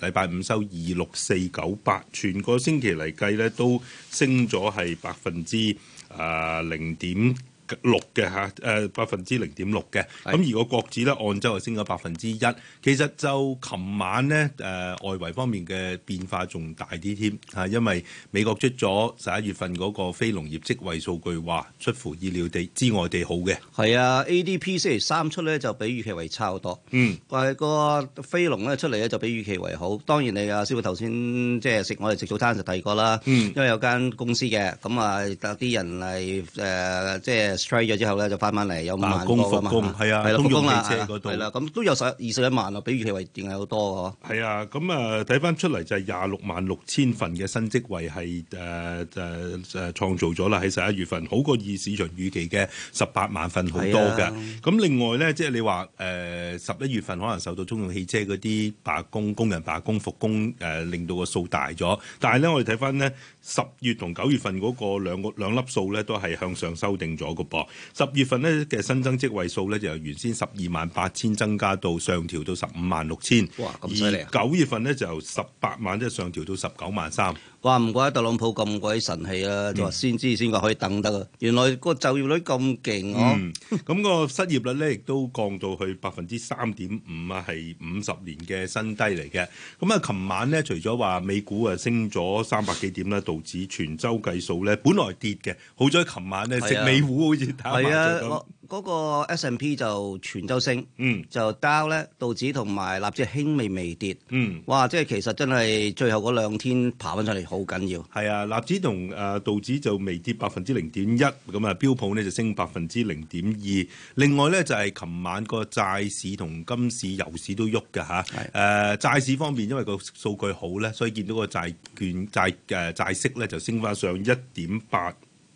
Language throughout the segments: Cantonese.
禮拜五收二六四九八，全個星期嚟計咧都升咗係百分之啊零點，呃 0. 六嘅嚇，誒百分之零點六嘅，咁如果國指咧按周就升咗百分之一。其實就琴晚咧誒，外圍方面嘅變化仲大啲添嚇，因為美國出咗十一月份嗰個非農業職位數據，話出乎意料地之外地好嘅。係啊，ADP 星期三出咧就比預期為差好多。嗯，但係個非農咧出嚟咧就比預期為好。當然你啊，師傅頭先即係食我哋食早餐就提過啦。嗯，因為有間公司嘅，咁啊，有啲人係誒即係。t 咗之後咧，就快慢嚟有萬工復工，係啊，係啦、啊，通用汽車度，係啦，咁都有十二十一萬咯，比預期為定係好多喎。係啊，咁啊睇翻出嚟就係廿六萬六千份嘅新職位係誒誒誒創造咗啦，喺十一月份，好過二市場預期嘅十八萬份好多㗎。咁、啊、另外咧，即係你話誒十一月份可能受到通用汽車嗰啲罷工工人罷工復工誒、呃，令到數個，個，個數大咗。但係咧，我哋睇翻咧十月同九月份嗰個兩個粒數咧，都係向上修訂咗個。十月份咧嘅新增職位數咧就由原先十二萬八千增加到上調到十五萬六千，哇，咁犀利啊！而九月份咧就由十八萬即係上調到十九萬三。話唔怪得特朗普咁鬼神氣啦，就話先知先話可以等得啊！原來個就業率咁勁哦，咁個失業率咧亦都降到去百分之三點五啊，係五十年嘅新低嚟嘅。咁啊，琴晚咧除咗話美股啊升咗三百幾點啦，道指全周計數咧本來跌嘅，好彩琴晚咧食美股好似係啊，嗰個 S and P 就全周升，嗯，就 Dow 咧道指同埋納指輕微微跌，嗯，哇，即係其實真係最後嗰兩天爬翻上嚟。好緊要係啊！納指同誒道指就未跌百分之零點一咁啊，標普呢就升百分之零點二。另外呢，就係、是、琴晚個債市同金市、油市都喐嘅吓。誒的、呃、債市方面，因為個數據好呢，所以見到個債券債誒、呃、債息呢就升翻上一點八。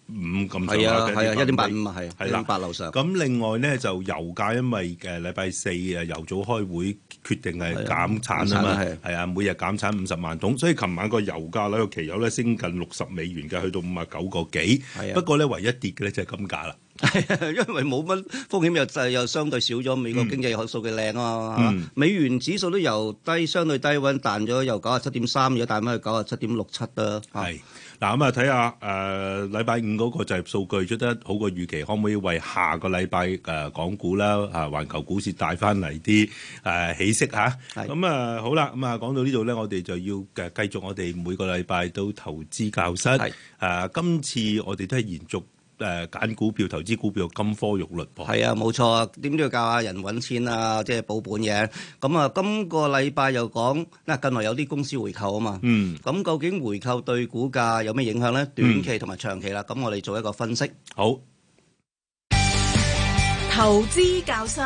五咁就係啊，係一點八五啊，係一點八樓上。咁另外咧就油價，因為誒禮拜四誒油早開會決定係減產啊嘛，係啊，每日減產五十萬桶。所以琴晚個油價咧，個期油咧升近六十美元嘅，去到五啊九個幾。係啊，不過咧唯一跌嘅咧就係金價啦，因為冇乜風險又又，又相對少咗，美國經濟有數嘅靚啊，嗯嗯、美元指數都由低相對低揾彈咗，由九啊七點三而家彈翻去九啊七點六七啦。係。嗱咁啊，睇下誒禮拜五嗰個就業數據出得好過預期，可唔可以為下個禮拜誒港股啦、啊、呃、環球股市帶翻嚟啲誒起色嚇？咁啊是的、嗯呃、好啦，咁、嗯、啊講到呢度咧，我哋就要嘅繼續，我哋每個禮拜都投資教室，啊是的、呃、今次我哋都係延續。誒揀股票、投資股票，金科玉律喎。係啊，冇錯。點都要教下人揾錢啊，即係保本嘢。咁啊，今個禮拜又講，嗱，近來有啲公司回購啊嘛。嗯。咁究竟回購對股價有咩影響呢？短期同埋長期啦。咁我哋做一個分析。好。投資教室。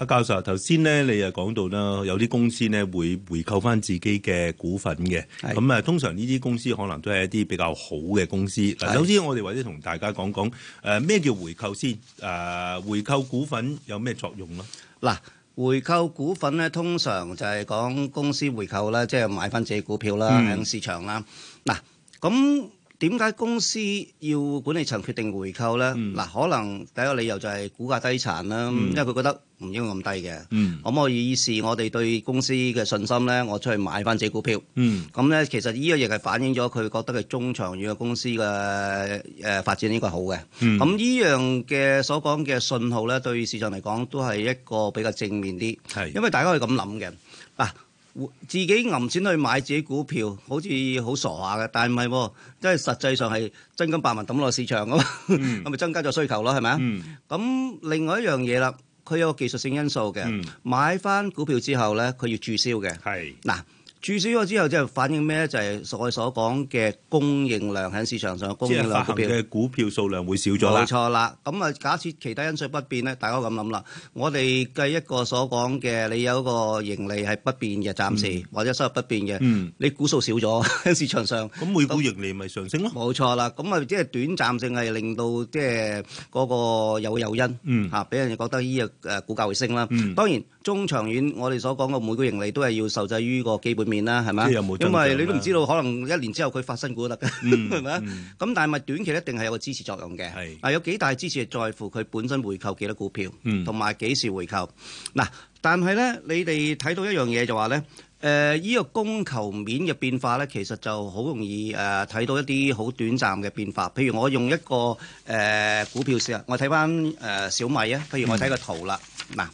阿教授，頭先咧你又講到啦，有啲公司咧會回購翻自己嘅股份嘅，咁啊是通常呢啲公司可能都係一啲比較好嘅公司。是首先，我哋或者同大家講講誒咩叫回購先，誒、呃、回購股份有咩作用咯？嗱，回購股份咧通常就係講公司回購啦，即係買翻自己股票啦，喺、嗯、市場啦。嗱咁。點解公司要管理層決定回購呢？嗱、嗯，可能第一個理由就係股價低殘啦，嗯、因為佢覺得唔應該咁低嘅。咁、嗯、我以示我哋對公司嘅信心呢，我出去買翻隻股票。咁呢、嗯，其實呢個亦係反映咗佢覺得佢中長遠嘅公司嘅誒、呃、發展應該好嘅。咁呢、嗯、樣嘅所講嘅信號呢，對市場嚟講都係一個比較正面啲。係的，因為大家可以咁諗嘅。嗱、啊。自己揞錢去買自己股票，好似好傻下嘅，但唔係，即係實際上係真金白銀抌落市場咁，係咪、嗯、 增加咗需求咯？係咪啊？咁、嗯、另外一樣嘢啦，佢有個技術性因素嘅，嗯、買翻股票之後呢，佢要註銷嘅，係嗱是。注銷咗之後，即係反映咩咧？就係所謂所講嘅供應量喺市場上嘅供應量。即係發行嘅股票數量會少咗啦。冇錯啦。咁啊，假設其他因素不變咧，大家咁諗啦。我哋計一個所講嘅，你有一個盈利係不變嘅，暫時或者收入不變嘅。嗯。你股數少咗喺市場上。咁每股盈利咪上升咯？冇錯啦。咁啊，即係短暫性係令到即係嗰個有誘因。嗯。嚇，俾人哋覺得呢個誒股價會升啦。嗯。當然，中長遠我哋所講嘅每股盈利都係要受制於個基本面啦，係咪？因為你都唔知道，可能一年之後佢發新股得嘅，係咪啊？咁但係咪短期一定係有個支持作用嘅？係啊，有幾大支持在乎佢本身回購幾多股票，同埋幾時回購嗱？但係呢，你哋睇到一樣嘢就話呢，誒呢個供求面嘅變化呢，其實就好容易誒睇到一啲好短暫嘅變化。譬如我用一個誒股票先啊，我睇翻誒小米啊，譬如我睇個圖啦，嗱，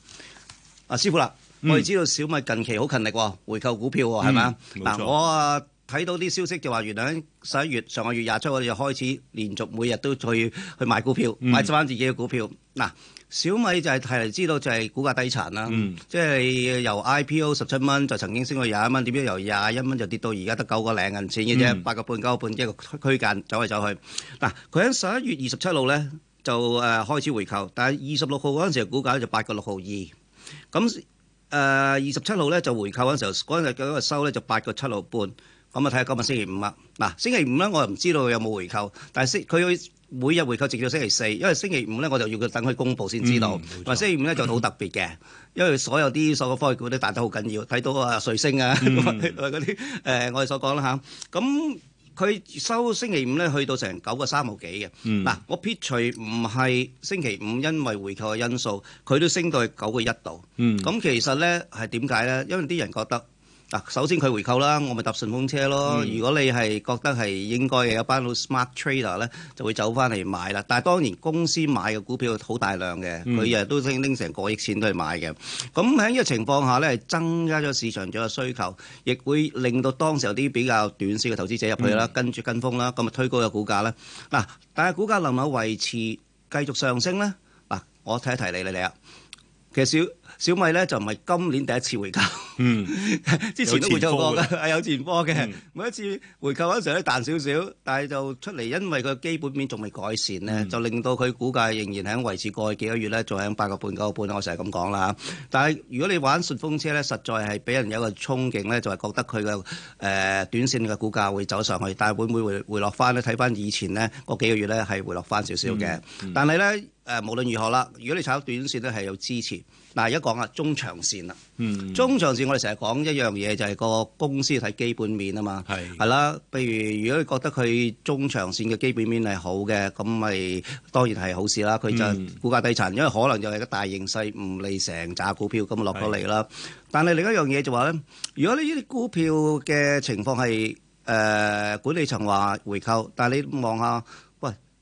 阿師傅啦。嗯、我哋知道小米近期好勤力喎、哦，回購股票喎、哦，係咪啊？嗱，我啊睇到啲消息就話，原來喺十一月上個月廿七號就開始連續每日都去去買股票，買翻自己嘅股票。嗱、嗯，小米就係、睇、嚟知道就係股價低殘啦，嗯、即係由 I P O 十七蚊就曾經升過廿一蚊，點解由廿一蚊就跌到而家得九個零銀錢嘅啫，八個半、九個半，一個區間走嚟走去。嗱，佢喺十一月二十七號咧就誒開始回購，但係二十六號嗰陣時股價就八個六毫二咁。誒二十七號咧就回購嗰陣時候，嗰日嗰個收咧就八個七毫半，咁啊睇下今日星期五啊，嗱星期五咧我又唔知道有冇回購，但係星佢每日回購直到星期四，因為星期五咧我就要佢等佢公佈先知道。話、嗯、星期五咧就好特別嘅， 因為所有啲所有科技股都彈得好緊要，睇到啊瑞星啊，啲誒、嗯 呃、我哋所講啦嚇，咁、啊。佢收星期五呢，去到成九個三毫幾嘅。嗱、嗯、我撇除唔係星期五因為回購嘅因素，佢都升到九個一度。咁、嗯、其實呢係點解呢？因為啲人覺得。嗱，首先佢回購啦，我咪搭順風車咯。如果你係覺得係應該嘅，有班老 smart trader 咧，就會走翻嚟買啦。但係當然公司買嘅股票好大量嘅，佢日日都拎拎成個億錢都係買嘅。咁喺呢個情況下咧，增加咗市場上嘅需求，亦會令到當時有啲比較短線嘅投資者入去啦，跟住跟風啦，咁咪推高個股價咧。嗱，但係股價能否維持繼續上升咧？嗱，我睇一睇你你你啊。其實小小米咧就唔係今年第一次回購。嗯， 之前都回購過嘅，係有前科嘅。 波嗯、每一次回購嗰陣時咧，彈少少，但係就出嚟，因為佢基本面仲未改善咧，嗯、就令到佢股價仍然係喺維持過去幾個月呢仲喺八個半九個半。我成日咁講啦，但係如果你玩順風車呢，實在係俾人有個憧憬，呢就係、是、覺得佢嘅誒短線嘅股價會走上去，但會唔會回落回，呢回，回落翻咧？睇翻、嗯嗯呃、以前呢個幾個月呢，係回落翻少少嘅。但係呢，誒，無論如何啦，如果你炒短線呢係有支持。嗱，而家講啊，中長線啦。嗯，中長線我哋成日講一樣嘢就係個公司睇基本面啊嘛，係啦的。譬如如果你覺得佢中長線嘅基本面係好嘅，咁咪當然係好事啦。佢、嗯、就股價低殘，因為可能又係個大形勢唔理成紮股票咁落咗嚟啦。的但係另一樣嘢就話、是、咧，如果你呢啲股票嘅情況係誒、呃、管理層話回購，但係你望下。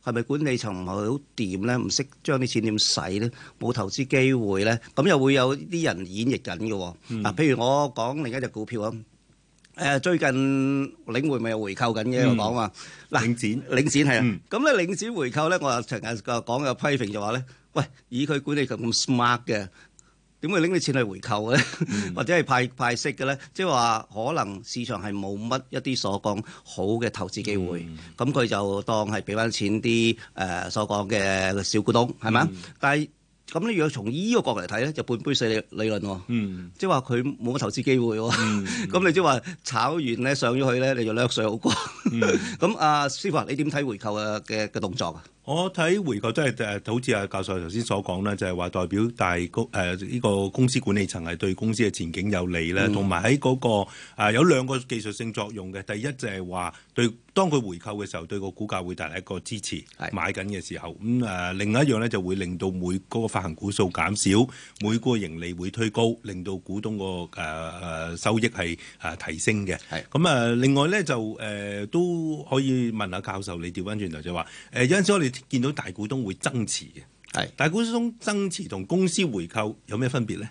係咪管理層唔係好掂咧？唔識將啲錢點使咧？冇投資機會咧？咁又會有啲人演繹緊嘅。嗱，譬如我講另一隻股票啊。誒，最近領匯咪有回購緊嘅，我講話，嗱。領展，領展係啊。咁咧，領展回購咧，我又成日講有批評，就話咧，喂，以佢管理層咁 smart 嘅。點會拎你錢去回購咧， 或者係派派息嘅咧？即係話可能市場係冇乜一啲所講好嘅投資機會，咁佢、嗯、就當係俾翻錢啲誒所講嘅小股東，係咪啊？但係咁如果從依個角度嚟睇咧，就半杯水理理論喎，嗯、即係話佢冇乜投資機會喎。咁、嗯、 你即係話炒完咧上咗去咧，你就掠水好過。咁 阿、啊、師傅，你點睇回購嘅嘅動作啊？我睇回購都係誒，好似阿教授頭先所講啦，就係、是、話代表大股呢、呃、個公司管理層係對公司嘅前景有利啦，同埋喺嗰個、啊、有兩個技術性作用嘅。第一就係話對當佢回購嘅時候，對個股價會帶來一個支持，買緊嘅時候。咁誒、嗯啊，另外一樣咧就會令到每個發行股數減少，每個盈利會推高，令到股東個誒誒收益係誒提升嘅。係、呃、咁啊，啊，另外咧就誒、啊、都可以問下教授，你調翻轉頭就話誒，有陣時我哋。見到大股東會增持嘅，係是大股東增持同公司回購有咩分別咧？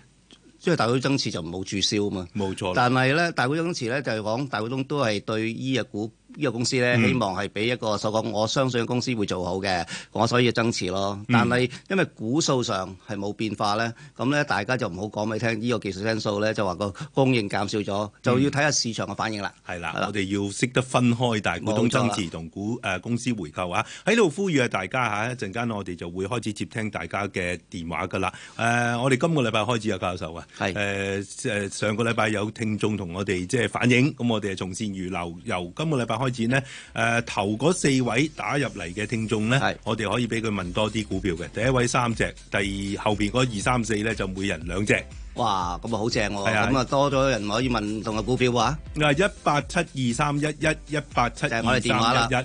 即係大股東增持就唔好註銷啊嘛，冇錯。但係咧，大股東增持咧就係講大股東都係對依日股。呢個公司咧，希望係俾一個、嗯、所講，我相信公司會做好嘅，我所以要增持咯。但係因為股數上係冇變化咧，咁、嗯、咧、嗯、大家就唔好講俾聽，呢、這個技術因素咧就話個供應減少咗，就要睇下市場嘅反應啦。係啦吧，我哋要識得分開，大股東增持同股誒公司回購啊，喺度呼籲啊大家嚇，一陣間我哋就會開始接聽大家嘅電話噶啦。誒、呃，我哋今個禮拜開始啊，教授啊，係誒誒上個禮拜有聽眾同我哋即係反映，咁我哋係從善如流，由今個禮拜開始呢，誒、呃，頭嗰四位打入嚟嘅聽眾呢，是我哋可以俾佢問多啲股票嘅。第一位三隻，第二後邊嗰二三四呢，就每人兩隻。哇，咁啊好正喎，咁啊的多咗人可以問同個股票啊。嗱，一八七二三一一一八七，就係我哋電話啦。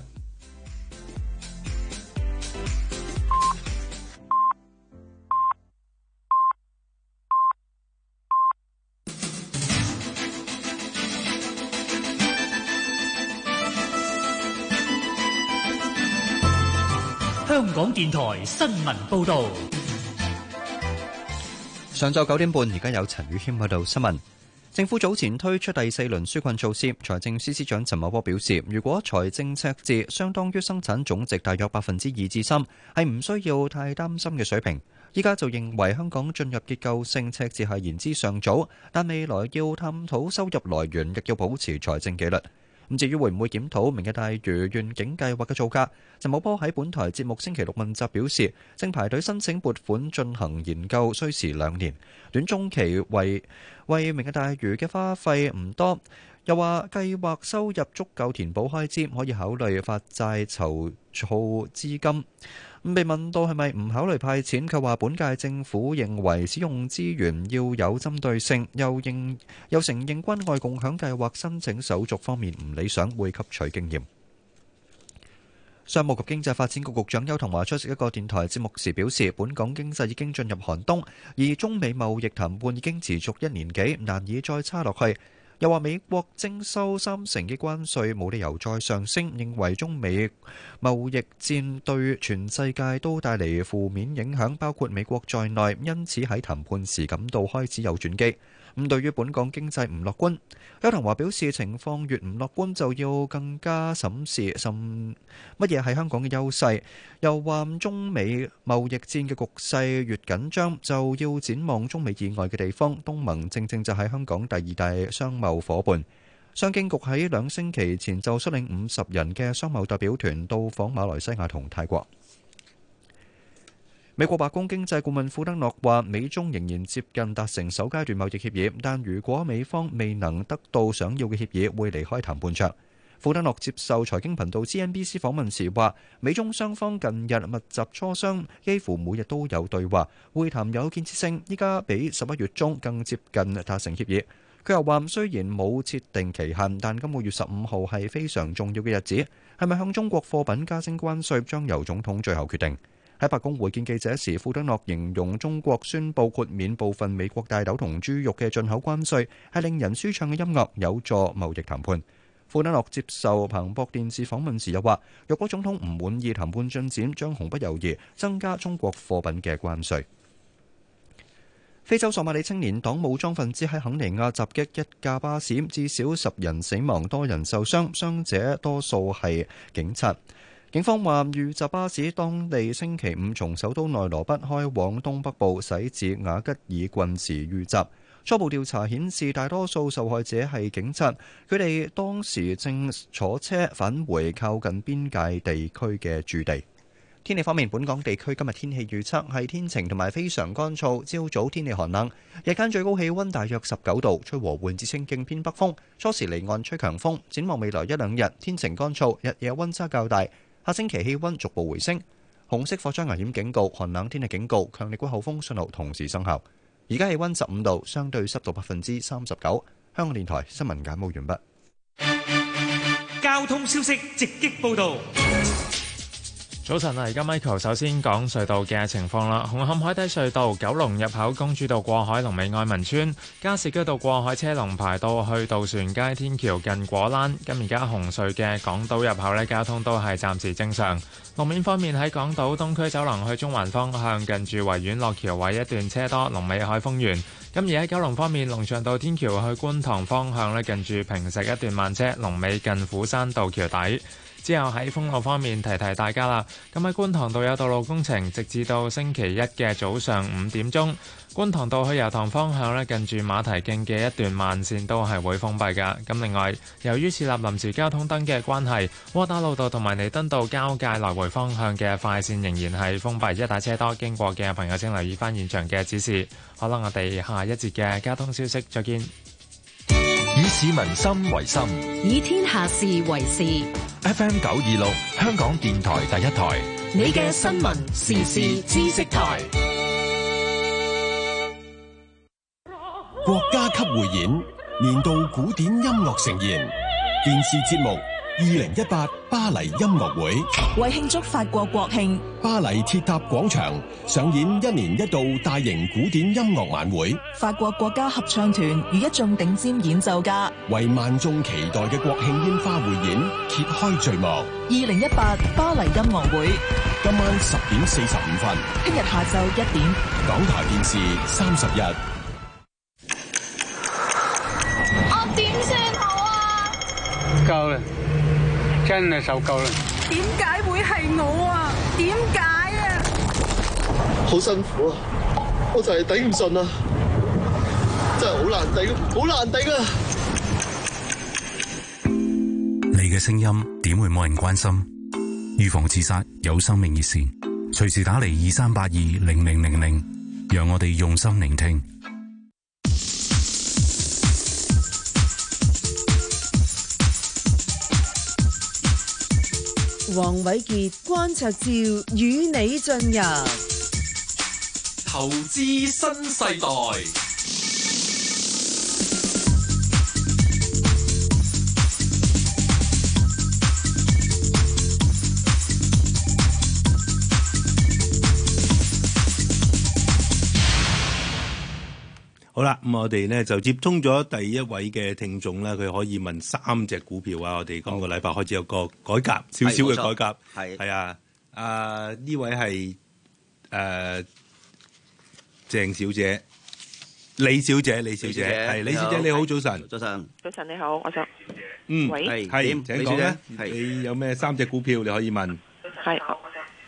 香港電台新聞報道，上晝九點半，而家有陳宇謙喺度報道新聞。政府早前推出第四輪紓困措施，財政司司長陳茂波表示，如果財政赤字相當於生產總值大約百分之二至三，係唔需要太擔心嘅水平。依家就認為香港進入結構性赤字係言之尚早，但未來要探討收入來源，亦要保持財政紀律。咁至於會唔會檢討明日大嶼願景計劃嘅造價？陳茂波喺本台節目星期六問責表示，正排隊申請撥款進行研究，需時兩年。短中期為為明日大嶼嘅花費唔多，又話計劃收入足夠填補開支，可以考慮發債籌措資金。被問到係咪唔考慮派錢，佢話本屆政府認為使用資源要有針對性，又認又承認關愛共享計劃申請手續方面唔理想，會吸取經驗。商務及經濟發展局局長邱騰華出席一個電台節目時表示，本港經濟已經進入寒冬，而中美貿易談判已經持續一年幾，難以再差落去。又話美國徵收三成嘅關稅冇理由再上升，認為中美貿易戰對全世界都帶嚟負面影響，包括美國在內，因此喺談判時感到開始有轉機。咁對於本港經濟唔樂觀，邱騰華表示情況越唔樂觀，就要更加審視甚乜嘢係香港嘅優勢。又話中美貿易戰嘅局勢越緊張，就要展望中美以外嘅地方，東盟正正就係香港第二大商貿夥伴。商經局喺兩星期前就率領五十人嘅商貿代表團到訪馬來西亞同泰國。美國白宮經濟顧問庫德諾話：美中仍然接近達成首階段貿易協議，但如果美方未能得到想要嘅協議，會離開談判桌。庫德諾接受財經頻道 CNBC 訪問時話：美中雙方近日密集磋商，幾乎每日都有對話，會談有建設性，依家比十一月中更接近達成協議。佢又話：雖然冇設定期限，但今個月十五號係非常重要嘅日子，係咪向中國貨品加徵關稅將由總統最後決定。喺白宮會見記者時，庫德諾形容中國宣布豁免部分美國大豆同豬肉嘅進口關稅，係令人舒暢嘅音樂，有助貿易談判。庫德諾接受彭博電視訪問時又話，若果總統唔滿意談判進展，將毫不猶豫增加中國貨品嘅關稅。非洲索馬里青年黨武裝分子喺肯尼亞襲擊一架巴士，至少十人死亡，多人受傷，傷者多數係警察。警方話，遇襲巴士當地星期五從首都內羅畢開往東北部，駛至雅吉爾郡時遇襲。初步調查顯示，大多數受害者係警察，佢哋當時正坐車返回靠近邊界地區嘅住地。天氣方面，本港地區今日天氣預測係天晴同埋非常乾燥，朝早天氣寒冷，日間最高氣温大約十九度，吹和緩至清勁偏北風，初時離岸吹強風。展望未來一兩日，天晴乾燥，日夜温差較大。下星期氣溫逐步回升，紅色火災危險警告、寒冷天氣警告、強烈季候風信號同時生效。而家氣溫十五度，相對濕度百分之三十九。香港電台新聞簡報完畢。交通消息直擊報道。早晨啊，而家 Michael 首先講隧道嘅情況啦。紅磡海底隧道、九龍入口、公主道過海、龍尾愛民村、加士居道過海車龍排到去渡船街天橋近果欄。咁而家紅隧嘅港島入口呢，交通都係暫時正常。路面方面喺港島東區走廊去中環方向，近住維園落橋位一段車多，龍尾海豐園。咁而喺九龍方面，龍翔道天橋去觀塘方向呢，近住平石一段慢車，龍尾近斧山道橋底。之後喺封路方面提提大家啦。咁喺觀塘道有道路工程，直至到星期一嘅早上五點鐘。觀塘道去油塘方向咧，近住馬蹄徑嘅一段慢線都係會封閉噶。咁另外，由於設立臨時交通燈嘅關係，窩打老道同埋彌敦道交界來回方向嘅快線仍然係封閉，一帶車多經過嘅朋友請留意返現場嘅指示。好啦，我哋下一節嘅交通消息，再見。以市民心為心，以天下事為事。FM 九二六，香港電台第一台，你嘅新聞時事知識台，國家級匯演年度古典音樂盛宴，電視節目二零一八。巴黎音樂會為慶祝法國國慶，巴黎鐵塔廣場上演一年一度大型古典音樂晚會。法國國家合唱團與一眾頂尖演奏家為萬眾期待嘅國慶煙花匯演揭開序幕。二零一八巴黎音樂會今晚十點四十五分，聽日下晝一點。港台電視三十日。真係受夠啦！點解會係我啊？點解啊？好辛苦啊！我就係頂唔順啊，真係好難頂，好難頂啊！你嘅聲音點會冇人關心？預防自殺有生命熱線，隨時打嚟，二三八二零零零零，讓我哋用心聆聽。黃瑋傑關焯照，與你進入投資新世代。好啦，咁我哋咧就接通咗第一位嘅聽眾咧，佢可以問三隻股票啊！我哋今個禮拜開始有個改革，少少嘅改革，係係啊，啊呢位係誒鄭小姐，李小姐，李小姐，係李小姐，你好，早晨，早晨，早晨你好，我想，嗯，係點，李小姐，你有咩三隻股票你可以問，係。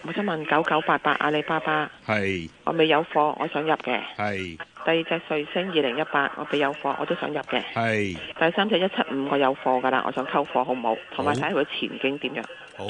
我想問九九八八阿里巴巴，係是我未有貨，我想入嘅。係是第二隻瑞聲二零一八，我未有貨，我都想入嘅。係是第三隻一七五，我有貨噶啦，我想溝貨好唔好？同埋睇佢前景點樣？好。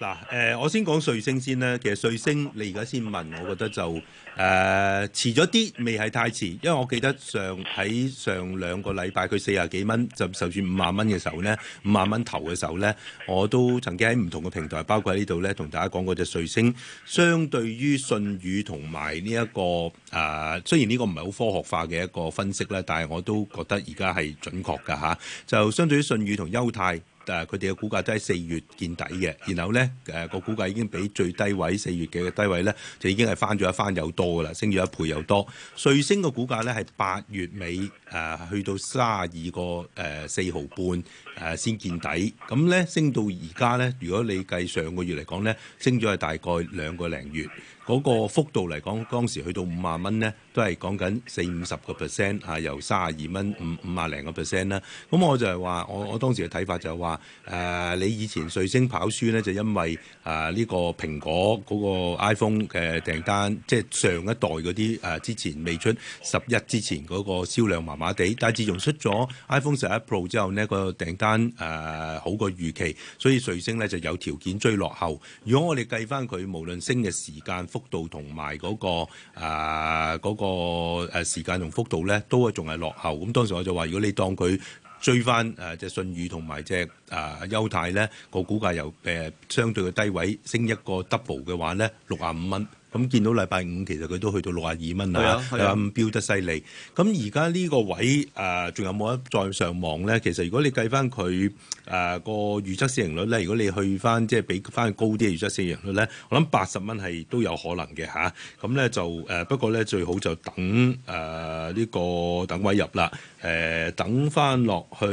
嗱，誒、呃，我先講瑞星先啦。其實瑞星，你而家先問，我覺得就誒遲咗啲，未係太遲，因為我記得上喺上兩個禮拜，佢四十幾蚊就就算五萬蚊嘅時候呢，五萬蚊頭嘅時候呢，我都曾經喺唔同嘅平台，包括喺呢度呢，同大家講過隻瑞星，相對於信譽同埋呢一個誒、呃，雖然呢個唔係好科學化嘅一個分析呢，但係我都覺得而家係準確嘅嚇。就相對於信譽同優泰。但佢哋嘅股價都喺四月見底嘅，然後咧誒、啊、個股價已經比最低位四月嘅低位咧，就已經係翻咗一番又多噶啦，升咗一倍又多。瑞星嘅股價咧係八月尾誒、啊、去到三十二個誒四毫半。誒、啊、先見底，咁咧升到而家咧，如果你計上個月嚟講咧，升咗係大概兩個零月，嗰、那個幅度嚟講，當時去到五十蚊咧，都係講緊四五十個 percent 啊，由三廿二蚊五五十零個 percent 啦。咁我就係話，我我當時嘅睇法就係話，誒、啊、你以前瑞星跑輸咧，就因為誒呢、啊這個蘋果嗰、那個 iPhone 嘅訂單，即、就、係、是、上一代嗰啲誒之前未出十一之前嗰個銷量麻麻地，但係自從出咗 iPhone 十一 Pro 之後呢、那個訂單誒、嗯、好過預期，所以瑞星咧就有條件追落後。如果我哋計翻佢無論升嘅時間、幅度同埋嗰個誒嗰、啊嗰個誒時間同幅度咧，都係仲係落後。咁當時我就話，如果你當佢追翻誒隻信譽同埋隻誒優貸咧，個、啊呃、股價由誒、呃、相對嘅低位升一個 double 嘅話咧，六啊五蚊。咁見到禮拜五其實佢都去到六十二蚊啦，咁飆得犀利。咁而家呢個位誒仲、呃、有冇得再上望咧？其實如果你計翻佢誒個預測市盈率咧，如果你去翻即係比翻高啲嘅預測市盈率咧，我諗八十蚊係都有可能嘅嚇。咁、啊、咧就誒、呃、不過咧最好就等誒呢、呃這個等位入啦。誒、呃、等翻落去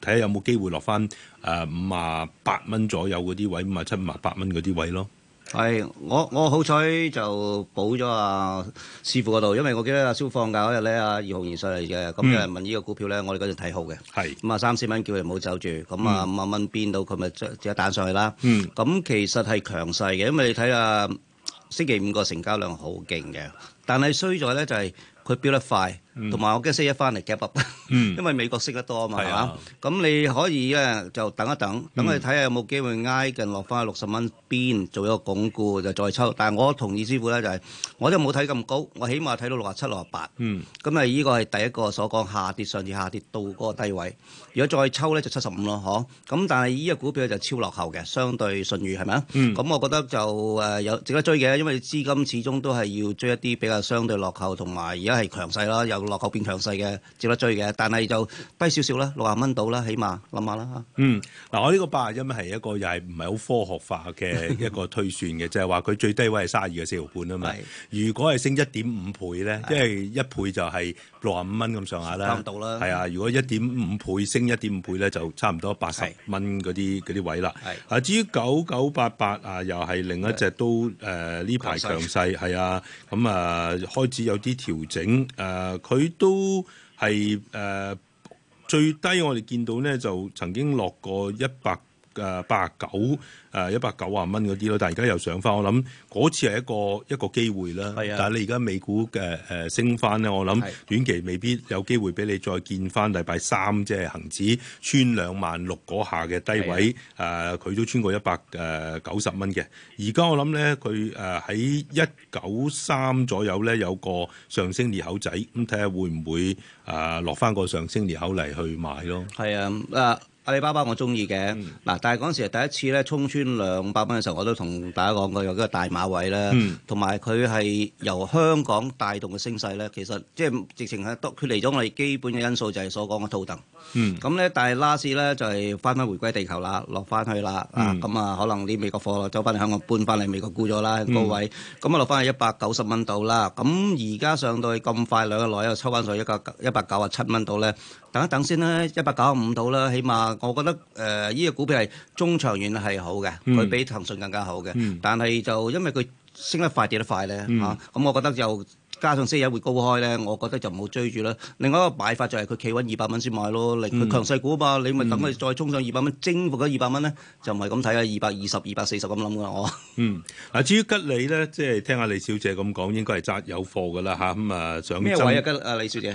睇下有冇機會落翻誒五十八蚊左右嗰啲位，五十七、五十八蚊嗰啲位咯。係，我我好彩就補咗阿師傅嗰度，因為我記得阿、啊、蕭放假嗰日咧，啊葉紅賢嚟嘅，咁有人問呢個股票咧，我哋繼續睇好嘅。係、嗯，咁、嗯嗯、啊三千蚊叫佢唔好走住，咁啊五萬蚊邊到佢咪即即彈上去啦。嗯，咁其實係強勢嘅，因為你睇下、啊、星期五個成交量好勁嘅，但係衰在咧就係佢飆得快。同埋、嗯、我驚息一翻嚟夾卜，因為美國息得多啊嘛，係嘛、啊？咁、啊、你可以咧、啊、就等一等，等佢睇下有冇機會挨近落翻去六十蚊邊做一個鞏固，就再抽。但係我同意師傅咧就係、是，我都冇睇咁高，我起碼睇到六十七六十八。咁啊、嗯，呢個係第一個所講下跌，上次下跌到嗰個低位。如果再抽咧就七十五咯，嗬、啊。咁但係依個股票就超落後嘅，相對順譽係咪啊？咁、嗯、我覺得就誒、呃、有值得追嘅，因為資金始終都係要追一啲比較相對落後同埋而家係強勢啦，又。落後變強勢嘅接得追嘅，但係就低少少啦，六啊蚊到啦，起碼諗下啦。嗯，嗱，我呢個八啊一蚊係一個又係唔係好科學化嘅一個推算嘅。 就係話佢最低位係卅二嘅四毫半啊嘛。是如果係升一點五倍咧，即係是一倍就係六啊五蚊咁上下啦。到啦。係啊，如果一點五倍升一點五倍咧，就差唔多八十蚊嗰啲啲位啦。係、啊。啊，至於九九八八啊，又係另一隻都誒呢排強勢係啊，咁啊開始有啲調整誒。啊啊啊啊啊啊啊佢都係誒、呃、最低，我哋見到咧就曾經落過一百。誒八九誒一百九啊蚊嗰啲咯，但係而家又上翻，我諗嗰次係一個一個機會啦。係啊，但係你而家美股嘅誒、呃、升翻咧，我諗短期未必有機會俾你再見翻禮拜三即係恆指穿兩萬六嗰下嘅低位誒，佢、啊呃、都穿過一百誒九十蚊嘅。而家我諗咧，佢誒喺一九三左右咧有個上升裂口仔，咁睇下會唔會誒、呃、落翻個上升裂口嚟去買咯？係啊，誒、呃。阿里巴巴我中意嘅，嗱，但係嗰陣時第一次咧衝穿兩百蚊嘅時候，我都同大家講過有嗰個大馬位啦，同埋佢係由香港帶動嘅聲勢咧，其實即係直情係都脫離咗我哋基本嘅因素，就係所講嘅套戥。咁咧、嗯，但係 last 咧就係翻返回歸地球啦，落翻去啦，啊，咁啊、嗯，可能啲美國貨攞走翻嚟香港搬翻嚟美國沽咗啦，高、嗯、位，咁啊落翻去一百九十蚊度啦，咁而家上到去咁快兩耐又抽翻上一九一百九啊七蚊度咧。等一等先啦，一百九十五度啦，起碼我覺得誒依個股票係中長遠係好嘅，佢比騰訊更加好嘅。但係就因為佢升得快跌得快咧嚇，咁我覺得就加上星期一會高開咧，我覺得就唔好追住啦。另外一個買法就係佢企穩二百蚊先買咯，你佢強勢股啊嘛，你咪等佢再衝上二百蚊，征服咗二百蚊咧，就唔係咁睇啊，二百二十二百四十咁諗噶啦，我。嗯，嗱，至於吉利咧，即係聽阿李小姐咁講，應該係揸有貨噶啦嚇，咁啊想咩位啊吉啊李小姐？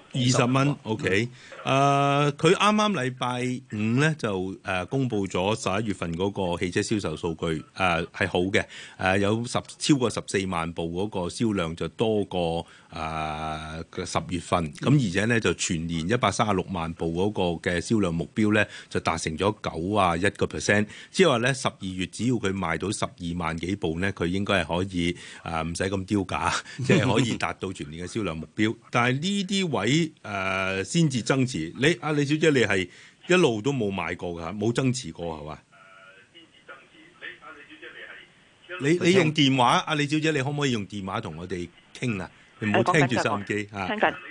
二十蚊，OK，誒、uh,，佢啱啱禮拜五咧就誒、呃、公布咗十一月份嗰個汽車銷售數據，誒、呃、係好嘅，誒、呃、有十超過十四萬部嗰個銷量就多過誒、呃、十月份，咁而且咧就全年一百三十六萬部嗰個嘅銷量目標咧就達成咗九啊一個 percent，即係話咧十二月只要佢賣到十二萬幾部咧，佢應該係可以誒唔使咁丟架，即、就、係、是、可以達到全年嘅銷量目標。但係呢啲位。誒、呃，先至增持。你阿李小姐，你係一路都冇買過噶，冇增持過係嘛、呃？先至增持。你阿李小姐，你係。你你用電話？阿李小姐，你可唔可以用電話同我哋傾啊？你唔好聽住收音機吓。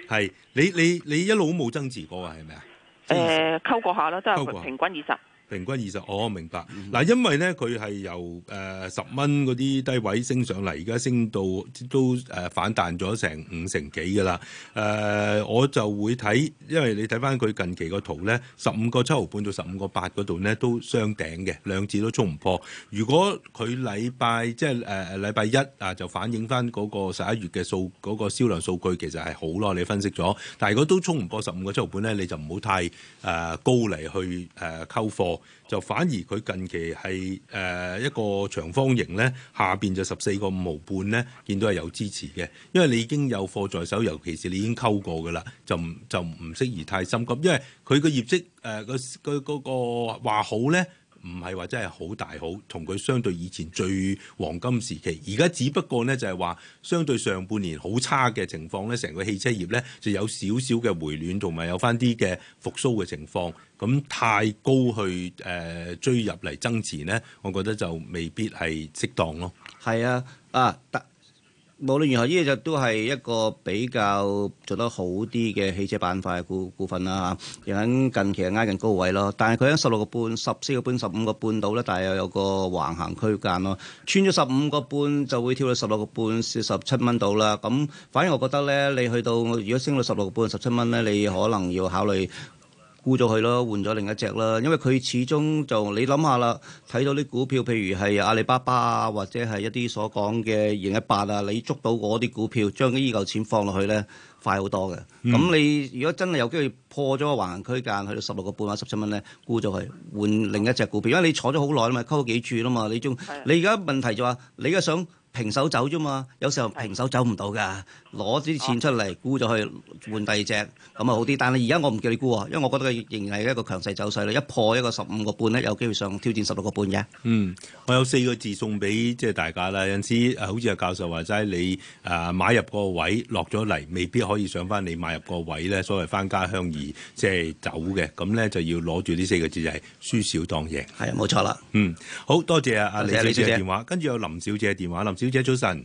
係，你你你，你一路都冇增持過啊係咪啊？誒，溝、呃、過下啦，都係平均二十。平均二十、哦，我明白。嗱，因為咧佢係由誒十蚊嗰啲低位升上嚟，而家升到都誒反彈咗成五成幾㗎啦。誒、呃，我就會睇，因為你睇翻佢近期個圖咧，十五個七毫半到十五個八嗰度咧都雙頂嘅，兩次都衝唔破。如果佢禮拜即係誒、呃、禮拜一啊，就反映翻嗰個十一月嘅數嗰、嗰個銷量數據，其實係好咯，你分析咗。但係如果都衝唔過十五個七毫半咧，你就唔好太誒、呃、高嚟去誒溝、呃、貨。就反而佢近期係誒一個長方形咧，下邊就十四個五毫半咧，見到係有支持嘅，因為你已經有貨在手，尤其是你已經溝過噶啦，就唔就唔適宜太深咁，因為佢個業績誒個佢嗰個話好咧。唔係話真係好大好，同佢相對以前最黃金時期，而家只不過呢，就係話相對上半年好差嘅情況呢，成個汽車業呢，就有少少嘅回暖同埋有翻啲嘅復甦嘅情況。咁太高去誒追入嚟增持呢，我覺得就未必係適當咯。係啊，啊無論如何，呢嘢就都係一個比較做得好啲嘅汽車板塊股股份啦嚇，又喺近期係挨近高位咯。但係佢喺十六個半、十四個半、十五個半度咧，但係又有個橫行區間咯。穿咗十五個半就會跳到十六個半、至十七蚊度啦。咁反而我覺得咧，你去到如果升到十六個半、十七蚊咧，你可能要考慮。沽咗佢咯，換咗另一隻啦。因為佢始終就你諗下啦，睇到啲股票，譬如係阿里巴巴啊，或者係一啲所講嘅二零一八啊，你捉到嗰啲股票，將啲依嚿錢放落去咧，快好多嘅。咁、嗯、你如果真係有機會破咗個橫行區間，去到十六個半或十七蚊咧，沽咗佢，換另一隻股票。因為你坐咗好耐啦嘛，溝、就、咗、是、幾注啦嘛，你仲的你而家問題就話、是，你而家想平手走啫嘛，有時候平手走唔到㗎，攞啲錢出嚟沽咗去換第二隻咁啊好啲，但係而家我唔叫你沽啊，因為我覺得佢仍然係一個強勢走勢咧，一破一個十五個半咧，有機會上挑戰十六個半嘅。嗯，我有四個字送俾即係大家啦，有陣時啊，好似阿教授話齋，你啊買入個位落咗嚟，未必可以上翻你買入個位咧，所謂翻家鄉而即係走嘅，咁咧就要攞住呢四個字就係、是、輸少當贏。係啊，冇錯啦。嗯，好多謝啊，阿李小姐嘅電話，跟住有林小姐嘅電話，林小姐早晨。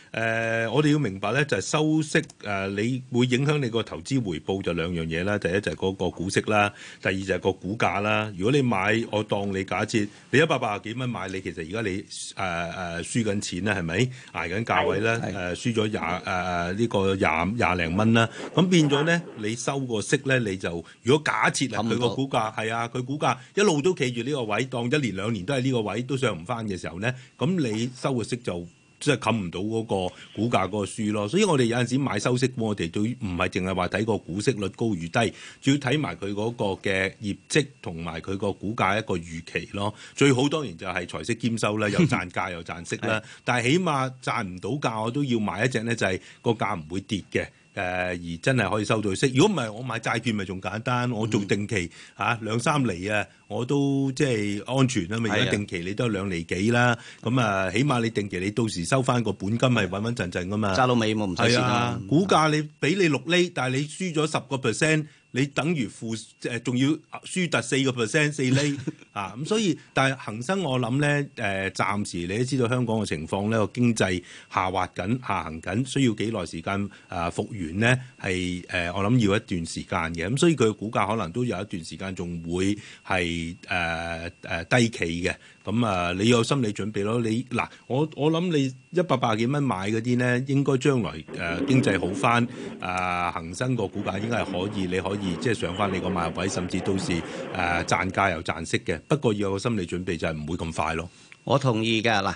誒、呃，我哋要明白咧，就係、是、收息誒、呃，你會影響你個投資回報就兩樣嘢啦。第一就係、是、嗰個股息啦，第二就係個股價啦。如果你買，我當你假設你一百八十幾蚊買你，你其實而家你誒誒、呃、輸緊錢是是啦，係咪挨緊價位啦，誒，輸咗廿誒誒呢個廿廿零蚊啦。咁變咗咧，你收個息咧，你就如果假設啊，佢個不股價係啊，佢股價一路都企住呢個位，當一年兩年都係呢個位都上唔翻嘅時候咧，咁你收個息就。 即係冚唔到嗰個股價嗰個輸咯，所以我哋有陣時買收息股我哋都唔係淨係話睇個股息率高與低，主要睇埋佢嗰個嘅業績同埋佢個股價一個預期咯。最好當然就係財息兼收啦，又賺價又賺息啦。 但係起碼賺唔到價，我都要買一隻咧，就係個價唔會跌嘅。誒而真係可以收到息，如果唔係我買債券咪仲簡單，我仲定期嚇兩三厘啊，我都即係安全啊嘛。而家定期你都有兩厘幾啦，咁啊是的、嗯、起碼你定期你到時收翻個本金咪穩穩陣陣噶嘛，揸到尾冇唔使錢。係的啊，股價你俾你六厘，但係你輸咗十個 percent，你等於負誒，仲、呃、要輸突四個 percent 四厘。 啊，咁所以，但係恆生我諗咧，誒、呃，暫時你都知道香港嘅情況咧，個經濟下滑緊、下行緊，需要幾耐時間啊、呃、復原咧？係誒、呃，我諗要一段時間嘅。咁所以佢嘅股價可能都有一段時間仲會係誒誒低企嘅。咁啊，你要有心理準備咯。你嗱，我我諗你一百百幾蚊買嗰啲咧，應該將來誒、呃、經濟好翻，啊、呃、恆生個股價應該係可以，你可以即係上翻你個買入位，甚至到時誒賺價又賺息嘅。不過要有個心理準備，就係、是、唔會咁快咯。我同意嘅嗱，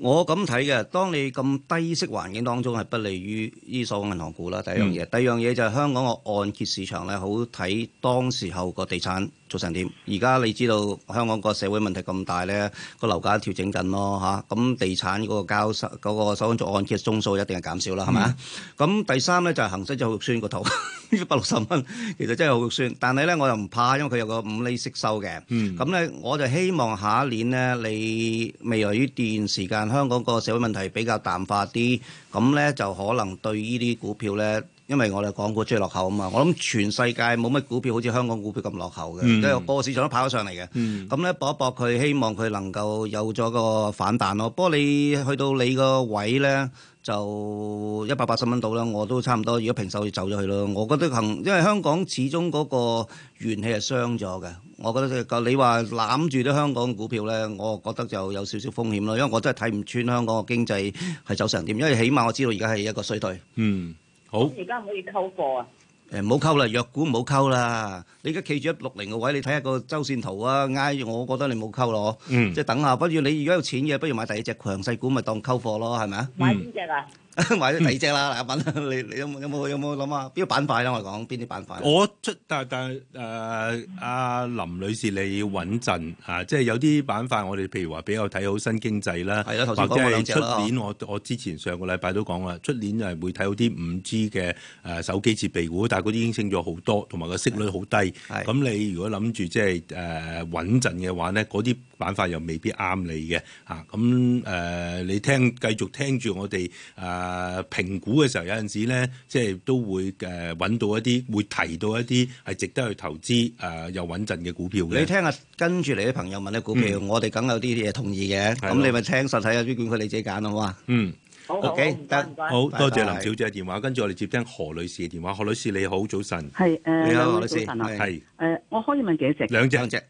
我咁睇嘅，當你咁低息環境當中係不利於呢所銀行股啦。第一樣嘢，嗯、第二樣嘢就係香港個按揭市場咧，好睇當時候個地產。做成點？而家你知道香港個社會問題咁大咧，個樓價調整緊咯嚇。咁、啊、地產嗰個交收嗰作、嗰個、案，其實宗數一定係減少啦，係咪、嗯、啊？咁第三咧就係恒生就係好肉酸個圖，一百六十蚊，其實真係好肉酸。但係咧，我又唔怕，因為佢有個五厘息收嘅。咁咧、嗯，我就希望下一年咧，你未來呢段時間香港個社會問題比較淡化啲，咁咧就可能對呢啲股票咧。因為我哋港股最落後啊嘛，我諗全世界冇乜股票好似香港股票咁落後嘅，因為、嗯、個市場都跑咗上嚟嘅。咁咧搏一搏佢，希望佢能夠有咗個反彈咯。不過你去到你個位咧，就一百八十蚊度啦，我都差唔多，如果平手就走咗去咯。我覺得行，因為香港始終嗰個元氣係傷咗嘅。我覺得你話攬住啲香港股票咧，我覺得就有少少風險咯。因為我真係睇唔穿香港個經濟係走成點，因為起碼我知道而家係一個衰退。嗯。好，而家唔可以溝貨啊？唔好溝啦，弱股唔好溝啦。你而家企住一六零個位，你睇下個周線圖啊，挨我，我覺得你冇溝咯，嗯，即係等下。不如你而家有錢嘅，不如買第二隻強勢股，咪當溝貨咯，係咪啊？買邊隻啊？或者 第二隻啦，阿品、嗯，你 你有冇有冇有冇諗下邊個板塊咧？我講邊啲板塊我出，但係但係誒，阿、呃、林女士，你要穩陣啊！即係有啲板塊，我哋譬如話比較睇好新經濟啦，或者係出年，年我我之前上個禮拜都講啦，出年就係會睇好啲五 G 嘅誒手機設備股，但係嗰啲已經升咗好多，同埋個息率好低。咁你如果諗住即係誒、呃、穩陣嘅話咧，嗰啲板塊又未必啱你嘅，啊咁誒，你聽繼續聽住我哋誒評估嘅時候，有陣時咧，即係都會誒揾到一啲會提到一啲係值得去投資誒又穩陣嘅股票嘅。你聽下跟住嚟，啲朋友問你股票，我哋梗有啲嘢同意嘅，咁你咪聽實體邊管佢你自己揀咯，好嘛？嗯，OK，得，好多謝林小姐嘅電話，跟住我哋接聽何女士嘅電話。何女士你好，早晨，係，你好何女士，係，誒，我可以問幾隻？兩隻。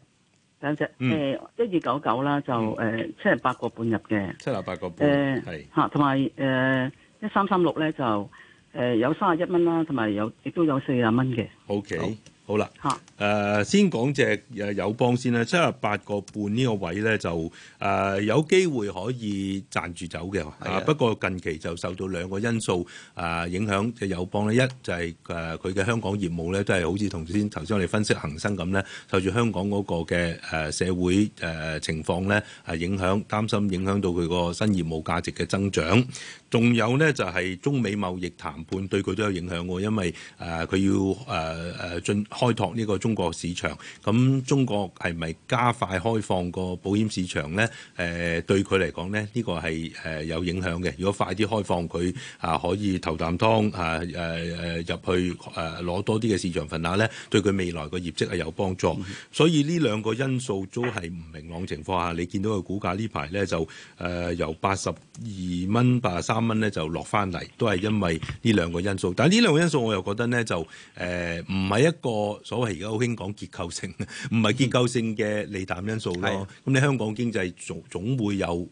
有一隻一二九九啦，嗯、99，就誒、嗯、七十八個半入嘅，七十八個半誒，係嚇。、呃、同埋誒一三三六咧就誒、呃、有三十一蚊啦，同埋有亦都有四十蚊嘅。OK。好啦，誒、呃、先講隻誒友邦先啦，七十八個半呢個位咧就誒、呃、有機會可以賺住走嘅的、啊，不過近期就受到兩個因素誒、呃、影響，即係友邦咧，一就係誒佢嘅香港業務咧都係好似同先頭先我哋分析恒生咁咧，受住香港嗰個嘅誒、呃、社會誒、呃、情況咧係影響，擔心影響到佢個新業務價值嘅增長。仲有呢，就係、是、中美貿易談判對佢都有影響，因為誒佢、呃、要誒誒進開拓呢個中國市場，咁中國係咪加快開放個保險市場咧？誒、呃、對佢嚟講咧，呢、這個係誒、呃、有影響嘅。如果快啲開放佢啊、呃，可以投啖湯啊誒誒入去誒攞、呃、多啲嘅市場份額咧，對佢未來嘅業績係有幫助。所以呢兩個因素都係唔明朗情況下，你見到個股價呢排咧就誒、呃、由八十二蚊八十三蚊咧就落翻嚟，都係因為呢兩個因素。但係呢兩個因素，我又覺得咧就誒唔係一個所謂而家好興講結構性，唔係結構性嘅利淡因素咯。咁、嗯、你香港經濟總總會有誒誒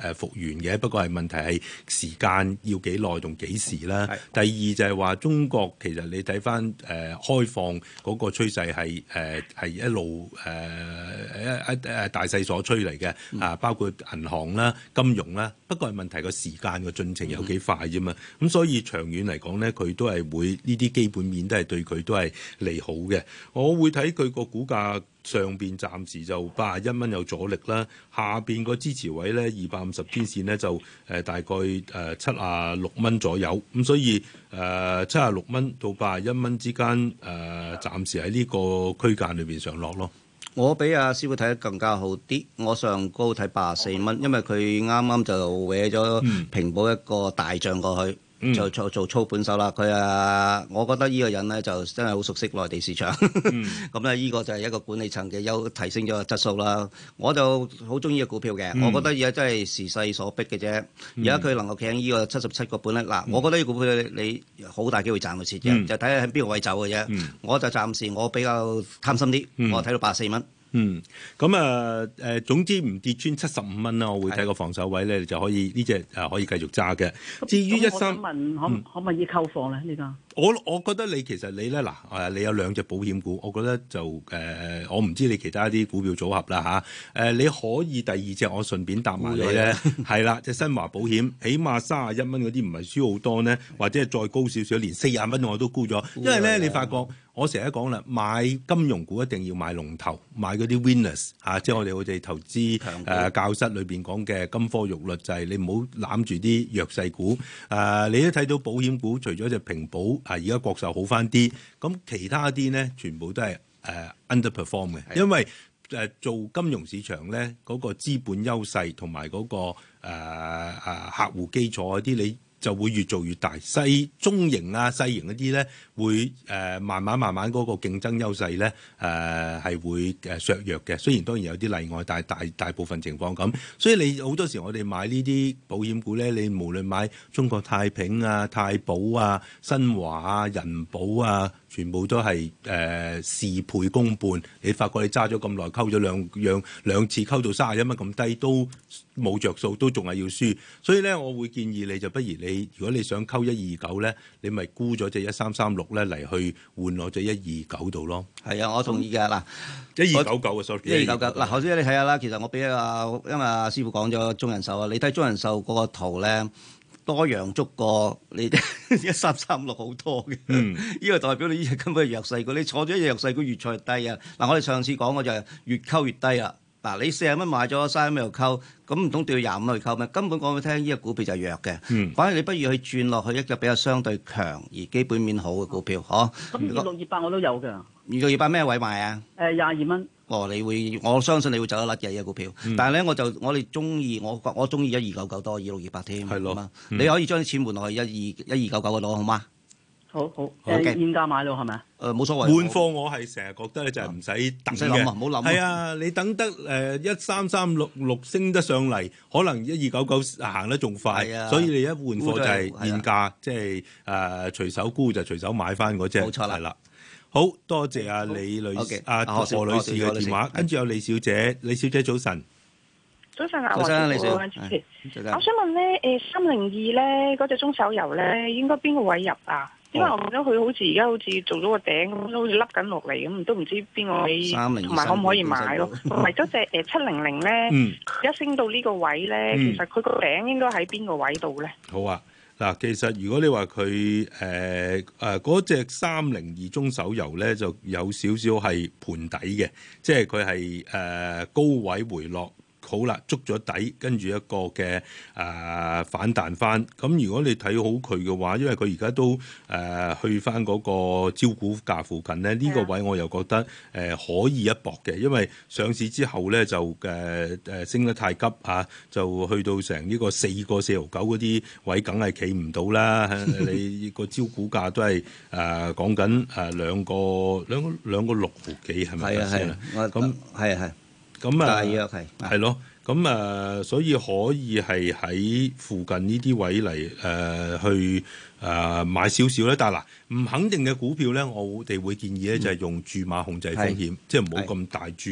誒復原嘅，不過係，問題係時間要幾耐同幾時啦。是第二就係話中國其實你睇翻誒開放嗰個趨勢係誒係一路誒誒誒誒大勢所趨嚟嘅啊，包括銀行啦、金融啦。不過係問題個時間。個進程有幾快啫嘛，咁所以長遠嚟講咧，佢都係會呢啲基本面都係對佢都係利好嘅。我會睇佢個股價上邊暫時就八十一蚊有阻力啦，下邊個支持位咧，二百五十天線咧就誒大概誒七啊六蚊左右咁，所以誒七啊六蚊到八十一蚊之間誒，暫時喺呢個區間裏邊上落咯。我比阿師傅睇得更加好啲，我上高睇八十四蚊，因為佢啱啱就搣咗平保一個大象過去。嗯、就做做操盤手啦，佢啊，我覺得呢個人咧就真係好熟悉內地市場，咁咧呢個就係一個管理層嘅優提升咗質素啦。我就好中意個股票嘅，我覺得而家真係時勢所逼嘅啫。而家佢能夠企喺呢個七十七個本咧，嗱，我覺得呢股票你好大機會賺到錢嘅，嗯、就睇下喺邊個位走嘅啫。嗯、我就暫時我比較貪心啲，我睇到八十四蚊。嗯嗯嗯，咁啊，誒，總之唔跌穿七十五蚊啦，的我會睇個防守位咧，就可以呢隻啊可以繼續揸嘅。至於一三，問嗯、可可唔可以溝貨咧呢個？我我覺得你其實你咧嗱，誒你有兩隻保險股，我覺得就誒、呃、我唔知你其他啲股票組合啦嚇，誒、啊、你可以第二隻我順便答埋你咧，係啦，即係 新華保險起碼三十一蚊嗰啲唔係輸好多呢，或者係再高少少，連四十蚊我都沽咗，因為咧你發覺我成日講啦，買金融股一定要買龍頭，買嗰啲 winners 嚇、啊，即係我哋好似投資誒教室裏邊講嘅金科玉律就係、是、你唔好攬住啲弱勢股，誒、啊、你都睇到保險股除咗隻平保。係而家國壽好返啲，咁其他啲咧全部都係誒 underperform 嘅，uh, under 是的 因為誒、uh, 做金融市場咧嗰、嗰個資本優勢同埋嗰個誒、uh, uh, 客戶基礎嗰啲你。就會越做越大，細中型啊、細型嗰啲咧，會誒、呃、慢慢慢慢嗰個競爭優勢咧，誒、呃、係會誒削弱嘅。雖然當然有啲例外，但係大大、大部分情況咁，所以你好多時我哋買呢啲保險股咧，你無論買中國太平啊、太保啊、新華啊、人保啊。全部都係誒事倍功半，你發覺你揸咗咁耐，溝咗兩兩兩次溝到三十一蚊咁低都冇著數，都仲係要輸。所以咧，我會建議你就不如你如果你想溝一二九咧，你咪沽咗隻一三三六咧嚟去換落隻一二九度咯。係啊，我同意嘅嗱，一二九九 Sorry，一二九九嗱，侯師姐你睇下啦。其實我俾阿因為阿師傅講咗中人壽啊，你睇中人壽個圖咧。多羊足過你一三三六好多嘅，呢個代表你呢隻根本弱勢股。你坐咗一隻弱勢股越坐越低啊！嗱，我哋上次講嘅就係越溝越低啊！嗱，你四十蚊買咗，三十蚊又溝，咁唔通掉廿五去溝咩？根本講畀你聽，呢、這、隻、個、股票就弱嘅。嗯、反而你不如去轉落去一個比較相對強而基本面好嘅股票，嗬、嗯啊。咁二六二八我都有嘅。二六二八咩位買啊？誒，廿二蚊。哦，你會我相信你會走得甩嘅嘢股票，但係咧、嗯、我就我哋中意我我中意一二九九多二六二八添，的嗯、你可以將啲錢換落去一二一二九九嗰度好嗎？好好，現價買咯係咪啊？誒冇所謂換貨，我係成日覺得咧，就係唔使等。唔好諗。係啊，你等得誒一三三六六升得上嚟，可能一二九九行得仲快，啊、所以你一換貨就係現價，即係誒隨手沽，就隨手買翻嗰隻，冇錯啦，係啦。好多謝阿李女士、阿何 Okay.、啊、女士嘅電話，跟住有李小姐，李小姐早晨。早晨啊，何生你好。我想問咧，誒，三零二咧，嗰隻中手游咧，應該邊個位入啊？哦、因為我見到佢好似而家好似做咗個頂咁，好似凹緊落嚟咁，都唔知邊個同埋可唔可以買咯？同埋嗰隻誒七零零咧，一 升到呢個位咧，嗯、其實佢個頂應該喺邊個位度咧？好啊。嗱，其實如果你話佢誒誒嗰隻三零二中手遊咧，就有少少係盤底嘅，即係佢係誒高位回落。好啦，捉咗底，跟住一個嘅誒反彈翻。咁如果你睇好佢嘅話，因為佢而家都誒去翻嗰個招股價附近咧，呢個位我又覺得誒可以一搏嘅，因為上市之後咧就誒誒升得太急嚇，就去到成呢個四個四毫九嗰啲位，梗係企唔到啦。你個招股價都係誒講緊誒兩個兩個兩個六毫幾，係咪先？咁係係。咁、嗯、樣啊，係咯、嗯，咁啊、嗯、所以可以係喺附近呢啲位嚟誒、呃、去誒、呃、買少少咧。但係嗱，唔肯定嘅股票咧，我哋會建議咧就係用注碼控制風險，即係唔好咁大注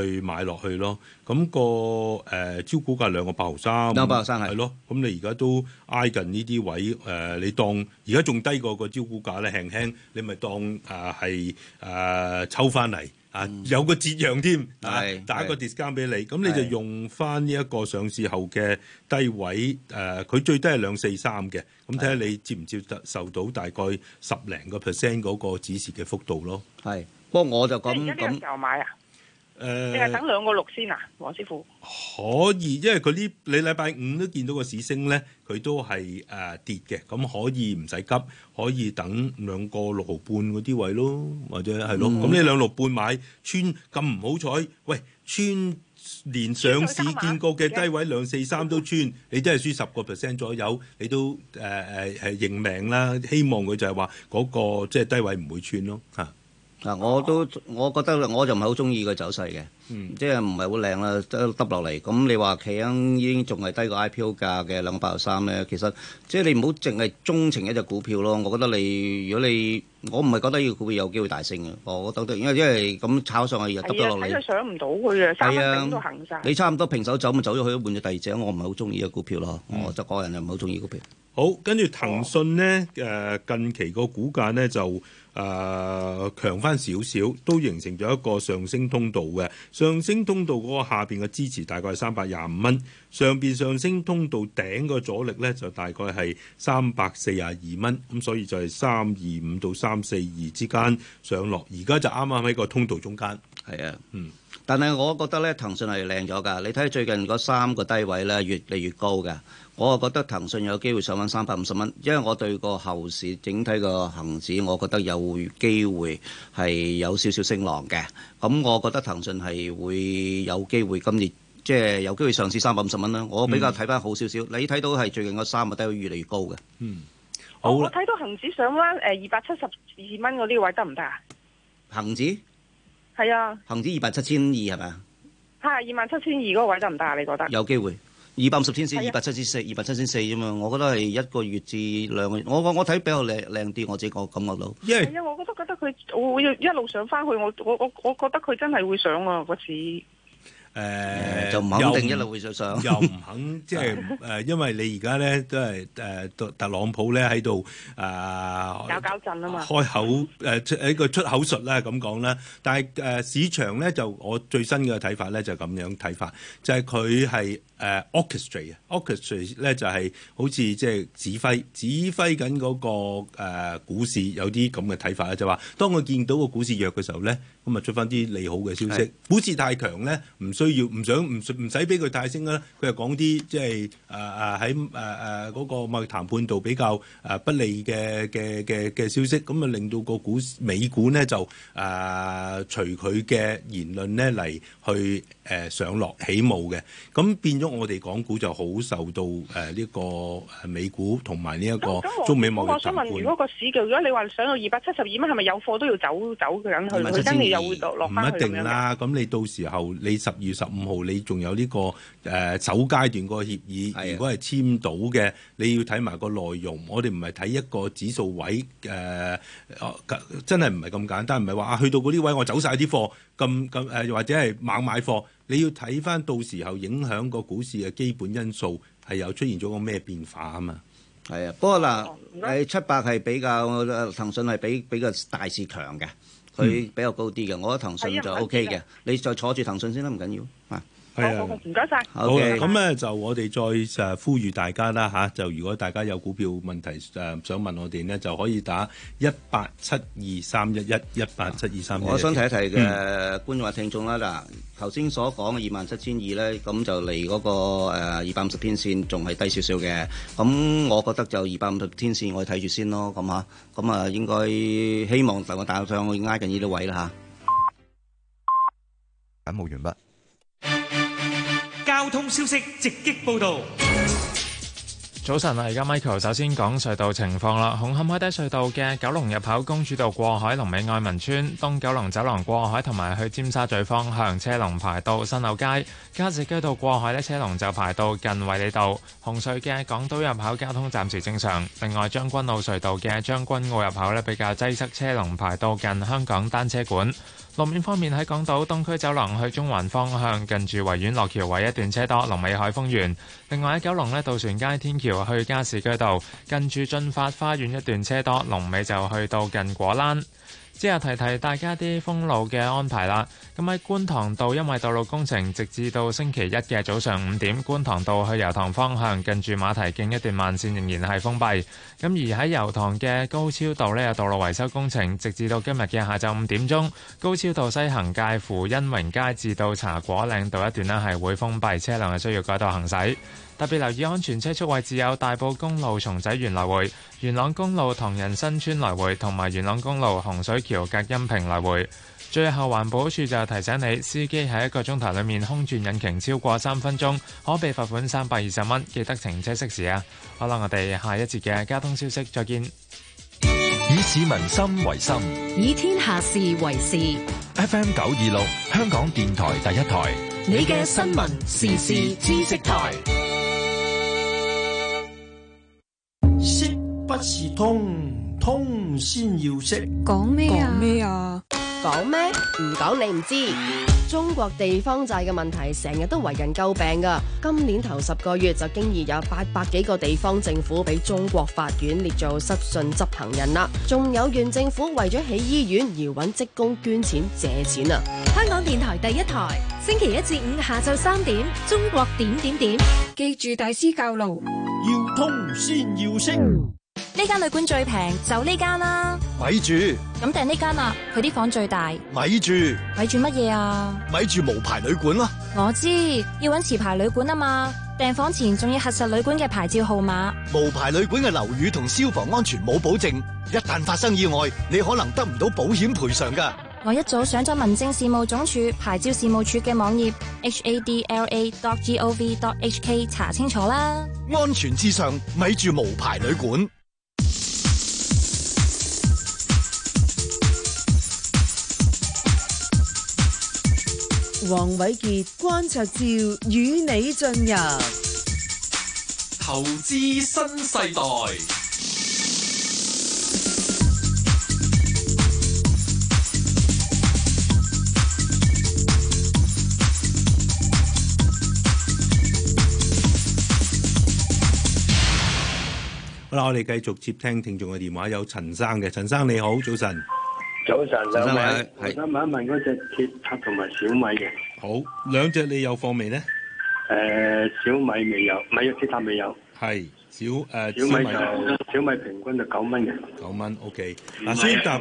去買落去咯。咁的、那個誒招、呃、股價兩個八號三，兩個八號三係。係咯，咁、嗯、你而家都挨近呢啲位誒、呃，你當而家仲低過個招股價咧，輕輕，輕你咪當啊係啊，啊，啊，啊，啊，啊，啊，啊抽翻嚟。啊、有個折讓添，啊、打個 discount 俾你，咁是你就用翻呢一個上市後嘅低位，誒、呃，佢最低係兩四三嘅，咁睇下你接唔接得受到大概十零個 percent 嗰、那個指示嘅幅度咯。係，不過我就講咁。呃、你係等兩個六先啊，黃師傅？可以，因為佢呢，你禮拜五都見到個市升咧，佢都係誒、呃、跌嘅，咁可以唔使急，可以等兩個六毫半嗰啲位咯，或者係、嗯、咯，咁你兩六半買穿咁唔好彩，喂穿連上市見過嘅低位兩四三都穿，你真係輸十個 percent 左右，你都誒誒誒認命啦。希望佢就係話嗰個即係、就是、低位唔會穿咯，嚇。嗱，我都我覺得我就唔係好中意個走勢嘅，嗯、即係唔係好靚啦，得耷落嚟。咁你話企鵝已經仲係低過 IPO 價嘅兩百三咧，其實即係你唔好淨係鍾情一隻股票咯。我覺得你如果你我唔係覺得呢個股票有機會大升嘅，我覺得因為因為咁炒上去又耷得落嚟，睇佢的的上唔到去啊，三蚊零都行曬。你差唔多平手走咪走咗去了，換咗第二隻，我唔係好中意嘅股票咯。我就個人又唔係好中意股票。嗯、股票好，跟住騰訊咧，誒、呃、近期個股價咧就。哦哦誒、uh，強翻少少，都形成咗一個上升通道嘅上升通道。嗰個下邊嘅支持大概係三百廿五蚊，上邊上升通道頂嘅阻力呢就大概係三百四廿二蚊。咁所以就係三二五到三四二之間上落。而家就啱啱喺個通道中間。係啊，嗯。但係我覺得咧，騰訊係靚咗㗎。你睇最近嗰三個低位咧，越嚟越高嘅。我啊覺得騰訊有機會上翻三百五十蚊，因為我對個後市整體個恒指，我覺得有機會係有少少升浪嘅。咁我覺得騰訊係會有機會今年即係有機會上市三百五十蚊啦。我比較睇翻好少少。嗯，你睇到係最近嗰三個低位越嚟越高嘅。嗯，好啦。我睇到恒指上翻誒二百七十二蚊嗰啲位得唔得啊？恒指？係啊，恒指二萬七千二係咪？係二萬七千二嗰個位得唔得啊？你覺得？有機會，二百五十天線，二百七千四，二百七千四啫嘛？我覺得係一個月至兩個月，我我我睇比較靚靚啲，我自己我感覺到。因啊 Yeah. 我我我我，我覺得覺得佢我要一路上翻去，我我我我覺得佢真係會上啊嗰次。誒、呃、就唔肯定一路不會術上 又唔肯即係誒，因為你而家咧都係誒、呃、特朗普咧喺度啊，搞搞震啊嘛， 開口誒喺、呃、個出口術咧咁講啦。但係誒、呃、市場咧就我最新嘅睇法咧就咁、係、樣睇法，就係佢係。誒 orchestrate 啊，orchestrate 咧就係好似即係指揮，指揮緊嗰個誒股市有啲咁嘅睇法咧，就話當佢見到個股市弱嘅時候咧，咁啊出翻啲利好嘅消息；股市太強咧，唔需要、唔想、唔唔使俾佢太升啦。佢又講啲即係誒誒喺誒誒嗰個貿易談判度比較誒不利嘅嘅嘅嘅消息，咁啊令到個股美股咧就誒隨佢嘅言論咧嚟去誒上落起舞嘅，咁變咗。我哋港股就好受到誒呢個美股同埋呢一個中美貿易我，我想問，如果個市嘅，如果你話上到二百七十二蚊，係咪有貨都要走走緊去？又落唔一定啦。咁樣你到時候你你、這個，你十二月十五號，你仲有呢個誒首階段個協議， 如果係簽到嘅，你要睇埋個內容。我哋唔係睇一個指數位誒、呃啊啊，真係唔係咁簡單，唔係話去到嗰啲位，我走晒啲貨。咁咁誒，或者係猛買貨，你要睇翻到時候影響個股市嘅基本因素係有出現咗個咩變化啊嘛？係啊，不過嗱，誒七百係比較騰訊係比比較大市強嘅，佢比較高啲嘅。嗯、我覺得騰訊就 OK 嘅，哎、你就坐住騰訊先啦，唔緊要啊。Okay. 好唔該晒。好啦，咁咧就我哋再誒呼籲大家啦嚇、啊，就如果大家有股票問題誒、啊、想問我哋咧，就可以打一八七二三一一一八七二三。我想提一提嘅、嗯、觀眾或聽眾啦，嗱頭先所講嘅二萬七千二咧，咁就離嗰個二百五十天線仲係低少少嘅，咁我覺得就二百五十天線我哋睇住先咯，咁嚇，咁啊應該希望就我大上我去挨近呢啲位啦嚇。啊、感冒完畢。交通消息直擊報道。早晨啊，而家 Michael 首先講隧道情況啦。紅磡海底隧道嘅九龍入口公主道過海、龍尾愛民村、東九龍走廊過海同埋去尖沙咀方向車龍排到新樓街、加士居道過海咧，車龍就排到近衛理道。紅隧嘅港島入口交通暫時正常。另外將軍澳隧道嘅將軍澳入口呢，比較擠塞，車龍排到近香港單車館。路面方面喺港島東區走廊去中環方向，近住維園落橋位一段車多，龍尾海豐園。另外喺九龍呢，渡船街天橋去加士居道，近住進發花園一段車多，龍尾就去到近果欄。之後提提大家啲封路嘅安排啦。咁喺觀塘道，因為道路工程，直至到星期一嘅早上五點，觀塘道去油塘方向近住馬蹄徑一段慢線仍然係封閉。咁而喺油塘嘅高超道呢，有道路維修工程，直至到今日嘅下晝五點鐘，高超道西行介乎恩榮街至到茶果嶺道一段呢，係會封閉，車輛係需要改道行駛。特別留意安全車速位置有大埔公路松仔園來回、元朗公路唐人新村來回同埋元朗公路洪水橋隔音屏來回。最後環保處就提醒你，司機喺一個鐘頭裏面空轉引擎超過三分鐘，可被罰款三百二十蚊。記得停車熄匙啊！好啦，我哋下一節嘅交通消息再見。以市民心為心，以天下事為事。FM 九二六，香港電台第一台，你嘅新聞時事知識台。識不是通，通先要識。講咩啊？講咩啊？講咩？唔講你唔知。中國地方債嘅問題成日都為人詬病噶。今年頭十個月就經已有八百幾個地方政府俾中國法院列做失信執行人啦。仲有縣政府為咗起醫院而揾職工捐錢借錢啊。香港電台第一台，星期一至五下晝三點，中國點點點，記住大師教路，要通先要升。呢間旅館最平，就呢間啦。咪住，咁訂呢間啦，佢啲房最大。咪住，咪住乜嘢啊？咪住無牌旅館啦！我知要揾持牌旅館啊嘛，訂房前仲要核實旅館嘅牌照號碼。無牌旅館嘅樓宇同消防安全冇保證，一旦發生意外，你可能得唔到保險賠償噶。我一早上咗民政事務總署牌照事務處嘅網頁 hadla.gov.hk 查清楚啦。安全至上，咪住無牌旅館。黃瑋傑、關焯照與你進入投資新世代。好啦，我哋繼續接聽聽眾嘅電話，有陳，有陳生嘅，陳生你好，早晨。早晨，早晨。我想問一問嗰隻鐵塔同埋小米嘅。好，兩隻你有貨未呢？誒、呃，小米未有，咪啊，鐵塔未有。係小誒、呃、小米有，小米平均就九蚊嘅。九蚊，OK。嗱，先搭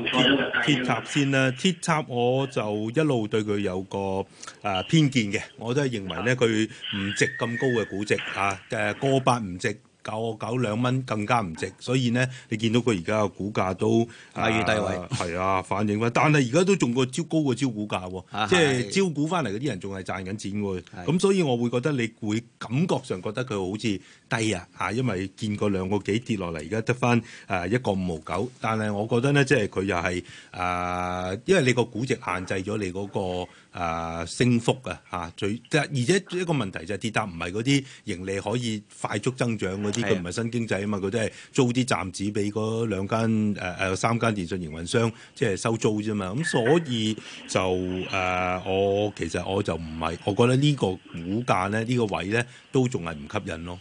鐵塔先啦。鐵塔我就一路對佢有個誒、啊、偏見嘅，我都係認為咧佢唔值咁高嘅估值嚇，誒、啊、過百唔值。九九兩蚊更加唔值，所以咧你見到佢而家嘅股價都低於、啊、低位，係啊,啊反映翻，但係而家都仲個招高過招股價，即係、啊啊、招股翻嚟嗰啲人仲係賺緊錢嘅，咁、啊、所以我會覺得你會感覺上覺得佢好似低啊，嚇、啊，因為見過兩個兩個幾跌落嚟，而家得翻誒一個五毫九，但係我覺得咧，即係佢又係誒，因為你個估值限制咗你嗰、那個。啊升幅啊嚇最，但而且一個問題就係鐵塔唔係嗰啲盈利可以快速增長嗰啲，佢唔係新經濟啊嘛，佢都係租啲站址俾嗰兩間誒、啊、三間電信營運商，即、就、係、是、收租啫嘛。咁所以就誒、啊，我其實我就唔係，我覺得呢個股價咧，呢、這個位咧都仲係唔吸引咯。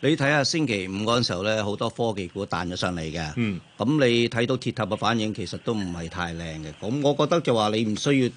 你睇下星期五嗰陣時候咧，好多科技股彈咗上嚟嘅。嗯咁你睇到鐵塔嘅反應，其實都唔係太靚嘅。咁我覺得就話你唔需要誒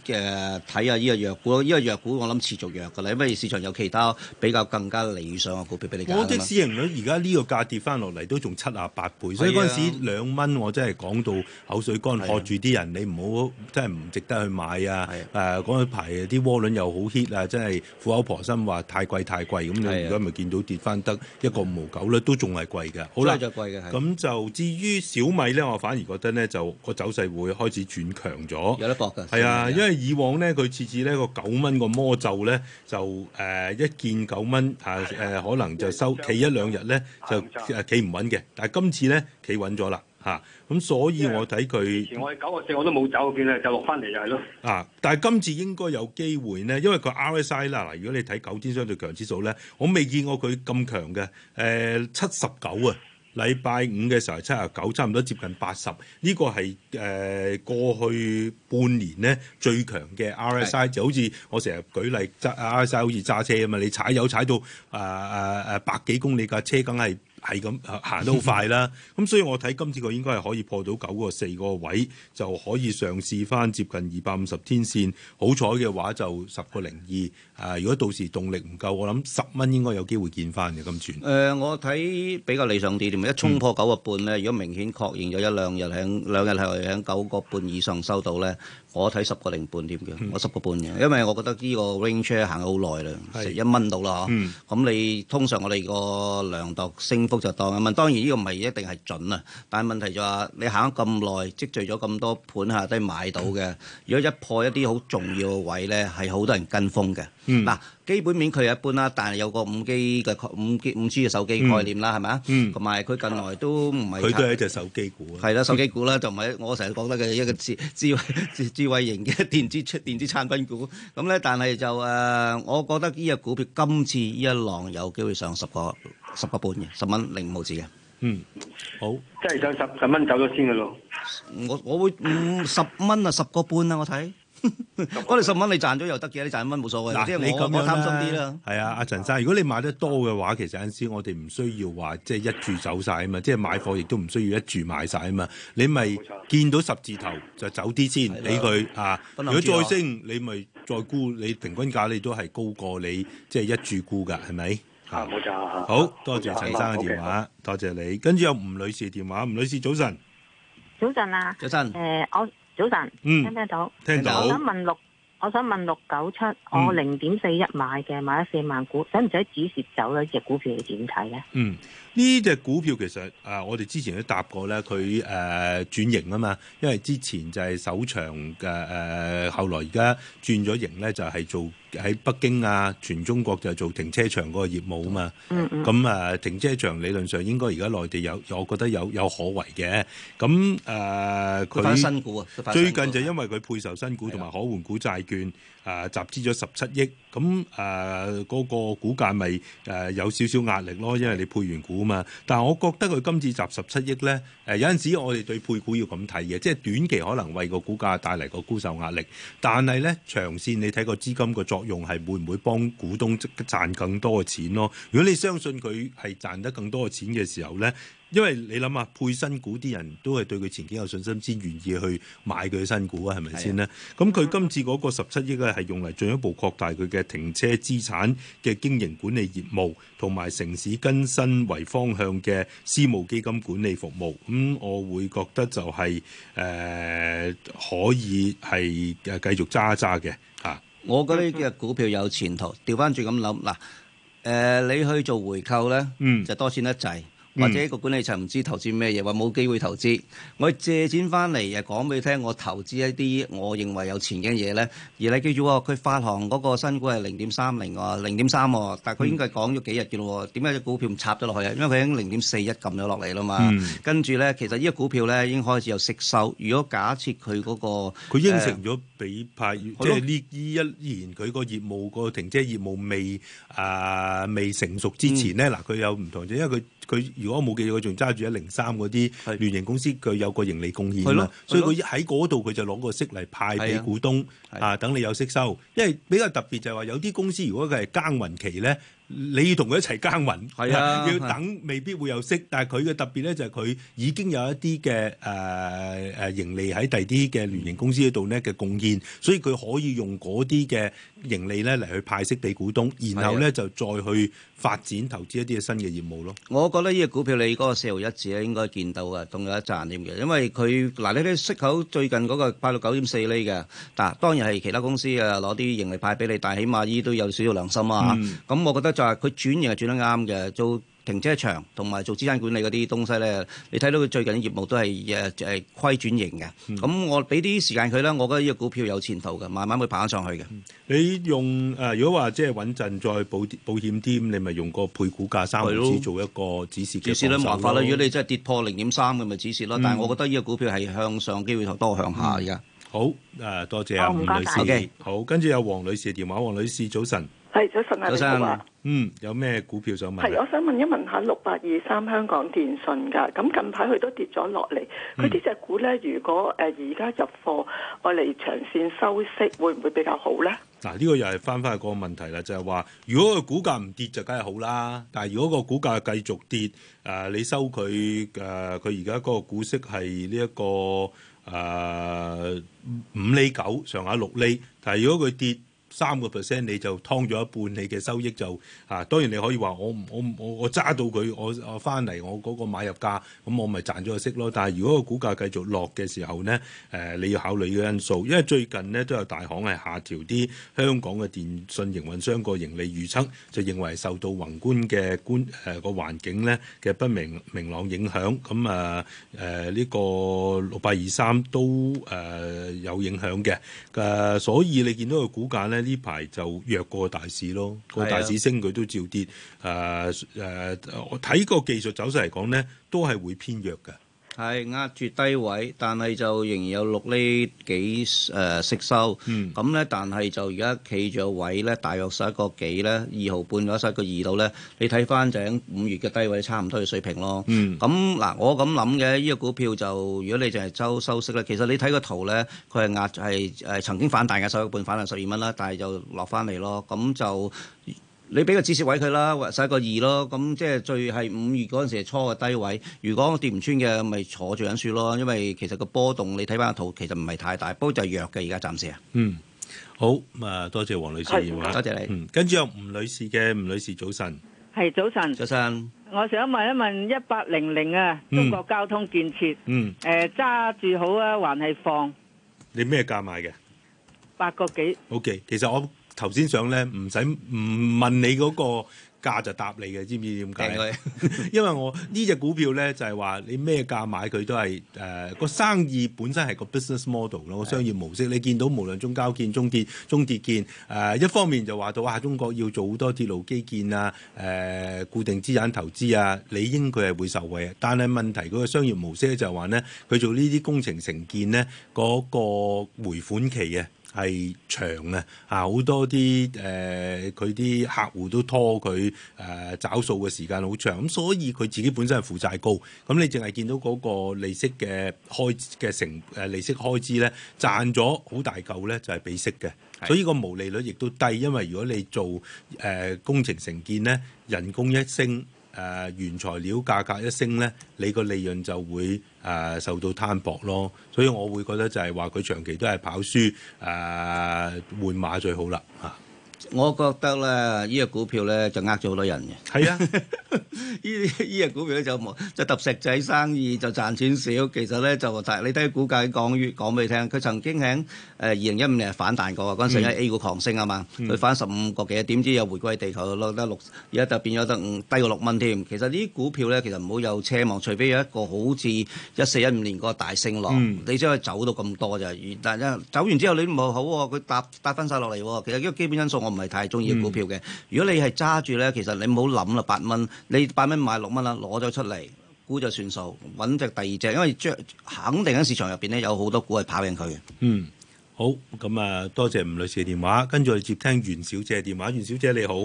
睇下呢個弱股，呢、這個弱股我諗持續弱㗎啦。因為市場有其他比較更加理想嘅股票俾你揀啊嘛。我啲市盈率而家呢個價下跌翻落嚟都仲七啊八倍，啊、所以嗰陣時兩蚊我真係講到口水乾，啊、喝住啲人你唔好真係唔值得去買啊！誒嗰排啲窩輪又好 hit 啊，真係苦口婆心話太貴太貴，咁你如果咪見到跌翻得一個毛毫九咧，都仲係貴㗎。好啦，仲係貴嘅。咁就至於少。小米咧，我反而覺得咧，就個走勢會開始轉強咗。有得搏嘅。係啊，因為以往咧，佢次次呢個九蚊個魔咒咧，就誒、呃、一見九蚊啊誒、呃，可能就收企的一兩日咧就企唔穩嘅。但係今次咧企穩咗啦嚇。咁、啊、所以我睇佢。前我係九個四，我都冇走邊，變係就落翻嚟就係咯。啊！但係今次應該有機會咧，因為個 RSI 啦、啊，嗱，如果你睇九天相對強指數咧，我未見過佢咁強嘅誒七十九啊。禮拜五嘅時候七十九，差唔多接近八十，呢個係誒過去半年咧最強嘅 RSI，的就好似我成日舉例 RSI 好似揸車咁啊，你踩油踩到啊啊啊百幾公里架車梗係～係咁行得好快啦，咁、 嗯、所以我睇今次佢應該係可以破到九個四個位，就可以嘗試翻接近二百五十天線。好彩嘅話就十個零二，啊！如果到時動力唔夠，我諗十蚊應該有機會見翻嘅金轉。誒、呃，我睇比較理想啲，咪一衝破九個半咧。嗯、如果明顯確認咗一兩日喺兩日係喺九個半以上收到咧。我睇十個零半點嘅，我十個半嘅，因為我覺得呢個 range share 行咗好耐啦，成一蚊到啦嚇。咁、嗯、你通常我哋個量度升幅就當一蚊。當然呢個唔係一定係準啊，但係問題就話你行咗咁耐，積聚咗咁多盤下低買到嘅。如果一破一啲好重要嘅位咧，係好多人跟風嘅。嗱，嗯、基本面佢係一般啦，但係有個五 G 嘅五五 G 嘅手機概念啦，係咪啊？同埋佢近來都唔係，佢都係一隻手機股。係啦、嗯，手機股啦，同埋我成日講得嘅一個智智智慧型嘅電子出電子產品股。咁咧，但係就誒，我覺得呢隻股票今次呢一浪有機會上十個十個半嘅十蚊零五毫子嘅。嗯，好，即係上十十蚊走咗先嘅咯。我我會五、嗯、十蚊啊，十個半啊，我睇。嗰度十蚊你賺咗又得嘅，你賺一蚊冇所謂。嗱，你咁貪心啲啦，係啊，阿陳生，如果你買得多嘅話，其實有陣時我哋唔需要話即係一注走晒啊嘛，即係買貨亦都唔需要一注買晒啊嘛。你咪見到十字頭就走啲先，俾佢啊。如果再升，你咪再估，你平均價你都係高過你即係一注估噶，係咪？啊，冇錯。好多謝陳生嘅電話，多謝你。跟住有吳女士電話，吳女士早晨，早晨啊，早晨，誒，我。早晨，聽唔聽到、嗯？聽到。我想問六，我想問六九七，我零點四一買嘅，買咗四萬股，使唔使止蝕走咧？呢隻股票你點睇咧？嗯。呢隻股票其實啊，我哋之前都答過咧，佢誒、呃、轉型啊嘛，因為之前就係首場嘅誒、呃，後來而家轉咗型咧，就係做喺北京啊，全中國就做停車場嗰個業務啊嘛。咁啊、嗯嗯呃，停車場理論上應該而家內地有，我覺得有有可為嘅。咁、嗯、誒，佢發新股啊，最近就因為佢配售新股同埋可換股債券。誒集資咗十七億，咁誒嗰個股價咪、就、誒、是呃、有少少壓力咯，因為你配完股嘛。但係我覺得佢今次集十七億咧，誒、呃、有陣時我哋對配股要咁睇嘅，即係短期可能為個股價帶嚟個沽售壓力，但係咧長線你睇個資金個作用係會唔會幫股東賺更多嘅錢咯？如果你相信佢係賺得更多嘅錢嘅時候咧。因為你諗下，配新股啲人都係對佢前景有信心，先願意去買佢嘅新股啊，係咪先呢？咁佢的今次嗰個十七億咧，係用嚟進一步擴大佢嘅停車資產嘅經營管理業務，同埋城市更新為方向嘅私募基金管理服務。咁我會覺得就係、是、誒、呃、可以係誒繼續揸揸嘅嚇。啊、我覺得嘅股票有前途。調翻轉咁諗嗱，誒、呃、你去做回購呢，嗯，就多錢一滯。嗯或者個管理層唔知投資咩嘢，話冇機會投資，我借錢翻嚟又講俾你聽，我投資一啲我認為有前景嘅嘢咧。而你記住喎，佢發行嗰個新股係零點三零喎，零點三，但係佢應該係講咗幾日嘅咯。點解隻股票唔插咗落去啊？因為佢已經零點四一撳咗落嚟啦嘛。跟住咧，其實呢個股票咧已經開始有息收。如果假設佢嗰個佢應承咗俾派，即係呢依一年，佢個業務個停車業務未啊未成熟之前咧，嗱佢有唔同嘅，因為佢。佢如果冇記錯，仲揸住一零三嗰啲聯營公司，佢有個盈利貢獻啦，所以佢喺嗰度佢就攞個息嚟派俾股東啊，等你有息收。因為比較特別就係話，有啲公司如果佢係耕耘期咧，你要同佢一齊耕耘，係啊，要等未必會有息，啊、但係佢嘅特別咧就係佢已經有一啲嘅誒誒盈利喺第二啲嘅聯營公司嗰度咧嘅貢獻，所以佢可以用嗰啲嘅盈利咧嚟去派息俾股東，然後咧、啊、就再去發展投資一啲嘅新嘅業務咯。我覺得呢個股票你嗰個四毫一字咧應該見到啊，仲有一賺啲嘅，因為佢嗱、呃、你啲息口最近嗰個八六九點四厘嘅，嗱、啊、當然係其他公司啊攞啲盈利派俾你，但係起碼呢都有少少良心啊，咁我覺得。嗯嗯嗯嗯嗯嗯。佢轉型係轉得啱嘅，做停車場同埋做資產管理嗰啲東西咧，你睇到佢最近嘅業務都係誒誒虧轉型嘅。咁我俾啲時間佢啦，我覺得呢個股票有前途嘅，慢慢會爬上去嘅、嗯。你用誒、呃，如果話即係穩陣再保保險添，你咪用個配股價三毫紙做一個止蝕機。止蝕啦，麻煩啦。如果你真係跌破零點三咁，咪止蝕咯。但係我覺得呢個股票係向上機會多，向下嘅、嗯嗯。好誒，多謝阿、啊、吳女士。Okay. 好，跟住有黃女士嘅電話，黃女士，女士早晨。係，早晨啊，早晨，嗯，有咩股票想問？係，我想問一問下六八二三香港電訊噶，咁近排佢都跌咗落嚟，佢呢隻股咧，如果誒而家入貨，我嚟長線收息，會唔會比較好咧？嗱，呢個又係翻翻嗰個問題啦，就係話，如果個股價唔跌就梗係好啦，但係如果個股價繼續跌，誒，你收佢誒，佢而家嗰個股息係呢一個誒五厘九上下六厘，但係如果佢跌，三個 percent 你就劏咗一半，你嘅收益就啊，當然你可以話我我我我揸到佢，我我翻嚟我嗰個買入價，咁我咪賺咗個息咯。但係如果個股價繼續落嘅時候咧，誒、呃、你要考慮個因素，因為最近咧都有大行係下調啲香港嘅電信營運商個盈利預測，就認為受到宏觀嘅觀誒個環境咧嘅不明明朗影響，咁啊誒呢個六八二三都誒、呃、有影響嘅。誒、呃、所以你見到個股價咧。呢排就弱過大市咯，個是、啊、大市升佢都照跌。誒、呃、誒、呃，我睇個技術走勢嚟講咧，都係會偏弱嘅。係壓住低位，但係就仍然有六厘幾誒息收。咁咧、嗯，但係就而家企住個位咧，大約十一個幾咧，二毫半咗十一個二度咧。你睇翻就喺五月嘅低位差唔多嘅水平咯。咁嗱、嗯，我咁諗嘅，呢、這個股票就如果你淨係周收息咧，其實你睇個圖咧，佢係壓係誒曾經反彈嘅，十一個半反彈十二蚊啦，但係就落翻嚟咯。咁就。你俾個止蝕位佢啦，或洗個二咯。咁即係最係五月嗰陣時初嘅低位。如果跌唔穿嘅，咪坐住忍住咯。因為其實個波動你睇翻個圖，其實唔係太大。不過就係弱嘅而家暫時啊。嗯，好咁啊，多謝黃女士，多謝你。跟住有吳女士嘅，吳女士早晨，係早晨。早晨，我想問一問一八零零啊，中國交通建設，嗯，誒揸住好啊，還係放？你咩價買嘅？八個幾？OK，其實我。頭先想咧，唔使唔問你嗰個價就答你嘅，知唔知點解？ 因為我呢隻、這個、股票咧，就係話你咩價買佢都係誒個生意本身係個 business model 咯的，個商業模式。你見到無論中交建、中鐵、中鐵建誒、呃，一方面就話到啊，中國要做好多鐵路基建啊，誒、呃、固定資產投資啊，理應佢係會受惠。但係問題嗰個商業模式咧，就係話咧，佢做呢啲工程承建咧，嗰個回款期嘅。係長啊！好多啲誒，佢、呃、啲客戶都拖佢誒、呃、找數嘅時間好長，咁所以佢自己本身係負債高，咁你淨係見到嗰個利息嘅開嘅成誒利息開支咧賺咗好大嚿咧就係俾息嘅，是的 所以個毛利率亦都低，因為如果你做誒、呃、工程承建咧，人工一升。誒、呃、原材料價格一升咧，你個利潤就會誒、呃、受到攤薄咯，所以我會覺得就係話佢長期都係跑輸，誒、呃、換馬最好啦嚇。我覺得咧，依、這個股票咧就呃咗好多人嘅。係啊，依依 個股票咧就冇，就揼石仔生意就賺錢少。其實咧就，但係你睇估計講越講俾你聽，佢曾經喺誒二零一五年係反彈過，嗰陣時咧 A 股狂升啊嘛，佢、嗯、翻十五個幾點，知又回歸地球落得六，而家就變咗得、嗯、低過六蚊添。其實呢啲股票咧，其實唔好有奢望，除非有一個好似一四一五年個大升浪，嗯、你先可以走到咁多啫。但係走完之後你唔冇好佢搭跌翻曬落嚟喎。其實呢個基本因素。唔係太中意股票嘅。如果你係揸住咧，其實你唔好諗啦。八蚊，你八蚊買六蚊啦，攞咗出嚟，估就算數，揾隻第二隻。因為將肯定喺市場入邊咧，有好多股係跑贏佢嘅。嗯，好。咁啊，多謝吳女士嘅電話。跟住我接聽袁小姐嘅電話。袁小姐你好，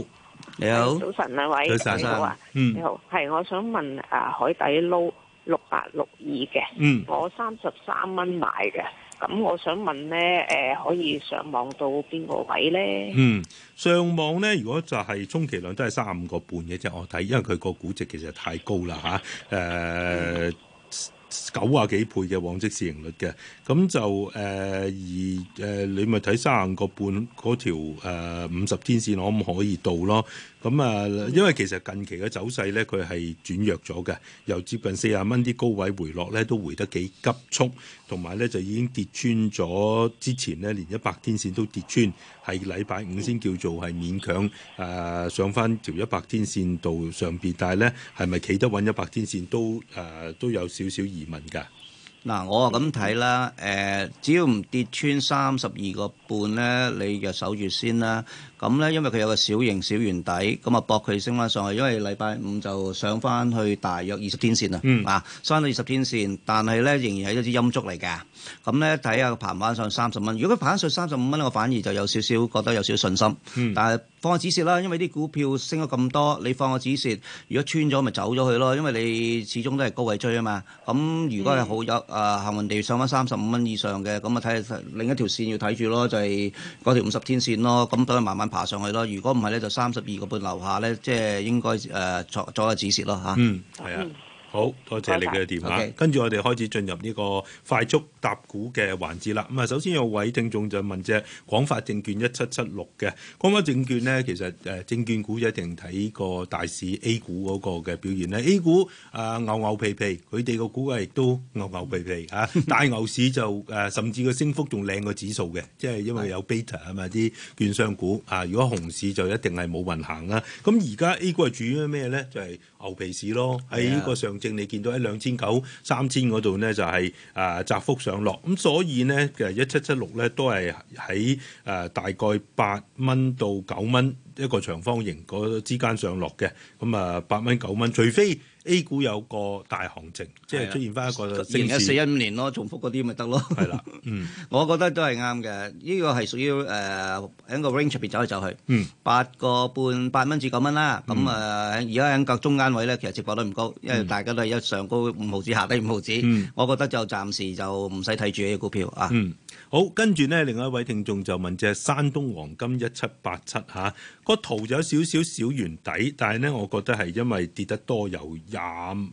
你好。你好早晨兩位，早晨，你好啊。嗯，你好，係我想問啊，海底撈六八六二嘅，嗯，我三十三蚊買嘅。咁我想問咧，誒、呃、可以上網到邊個位咧？嗯，上網咧，如果就係、是、充其量都係三個半嘅啫。我睇，因為佢個估值其實太高啦嚇，誒九啊幾倍嘅往績市盈率嘅，咁就誒、呃、而誒、呃，你咪睇三個半嗰條五十、呃、天線可唔可以到咯？咁啊、嗯，因為其實近期嘅走勢咧，佢係轉弱咗嘅，由接近四十蚊啲高位回落咧，都回得幾急速，同埋咧就已經跌穿咗之前咧，連一百天線都跌穿，係禮拜五先叫做係勉強誒、呃、上翻條一百天線度上邊，但係咧係咪企得穩一百天線都誒、呃、都有少少疑問噶。嗱，我啊咁睇啦，誒、呃，只要唔跌穿三十二個半咧，你就守住先啦。咁咧，因為佢有個小型小圓底，咁啊搏佢升翻上去。因為禮拜五就上翻去大約二十天線啦，嗯、啊，上到二十天線，但係咧仍然係一支陰燭嚟㗎。咁咧睇下爬唔爬上三十蚊？如果佢爬得上三十五蚊，我反而就有少少覺得有少少信心。嗯、但係放個止蝕啦，因為啲股票升咗咁多，你放個止蝕，如果穿咗咪走咗去咯，因為你始終都係高位追啊嘛。咁如果係好有啊幸運地上翻三十五蚊以上嘅，咁啊睇下另一條線要睇住咯，就係、是、嗰條五十天線咯。咁等佢慢慢爬上去咯。如果唔係咧，就三十二個半樓下咧，即係應該誒作左個止蝕咯吓，嗯，係啊。好多謝你嘅電話，跟住我哋開始進入呢個快速答股嘅環節啦。咁啊，首先有位聽眾就問：隻廣發證券一七七六嘅廣發證券咧，其實誒證券股就一定睇個大市 A 股嗰個嘅表現咧。A 股啊，牛牛皮皮，佢哋個股係亦都牛牛皮皮嚇。大牛市就誒，甚至個升幅仲靚過個指數嘅，即係因為有 beta 啊嘛，啲券商股啊。如果熊市就一定係冇運行啦。咁而家 A 股係處於咩咧？就係牛皮市咯，喺呢 Yeah. 個上證你見到喺兩千九、三千嗰度呢，就係誒窄幅上落，咁、嗯、所以呢，其實一七七六呢，都係喺誒大概八蚊到九蚊。一個長方形嗰之間上落嘅，咁啊八蚊九蚊，除非 A 股有個大行情，的即係出現翻一個升市。二零一四一五年咯，重複嗰啲咪得咯。係啦，嗯， 我覺得都係啱嘅，呢、這個係屬於誒喺、呃、個 range 入邊走嚟走去。嗯，八個半八蚊至九蚊啦，咁啊而家喺個中間位咧，其實接波率唔高，因為大家都係一上高五毫子，下低五毫子。嗯、我覺得就暫時就唔使睇住呢啲股票啊。嗯。好，跟住咧，另外一位聽眾就問隻山東黃金一七八七嚇，個圖就有少少小圓底，但係咧，我覺得係因為跌得多，由廿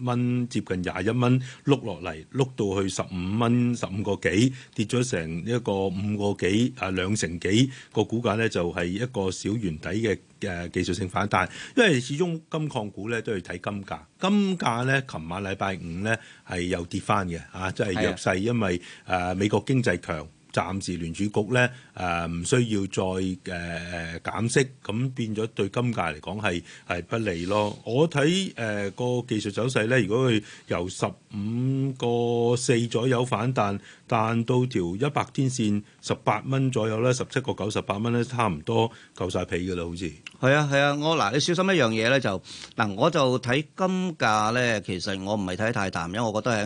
蚊接近廿一蚊碌落嚟，碌到去十五蚊十五個幾，跌咗成一個五個幾啊兩成幾個股價咧，就係、是、一個小圓底嘅。誒技術性反彈，因為始終金礦股咧都係睇金價，金價咧，琴晚禮拜五咧係又跌翻嘅，啊，即係弱勢，因為誒美國經濟強，暫時聯儲局咧誒唔需要再誒減息，咁變咗對金價嚟講係係不利咯。我睇誒個技術走勢咧，如果佢由十五個四左右反彈，彈到條一百天線十八蚊左右咧，十七個九十八蚊咧，差唔多夠晒皮㗎啦，好似。係啊，係啊，我嗱你小心一樣嘢咧就嗱，我就睇金價咧，其實我唔係睇得太淡，因為我覺得喺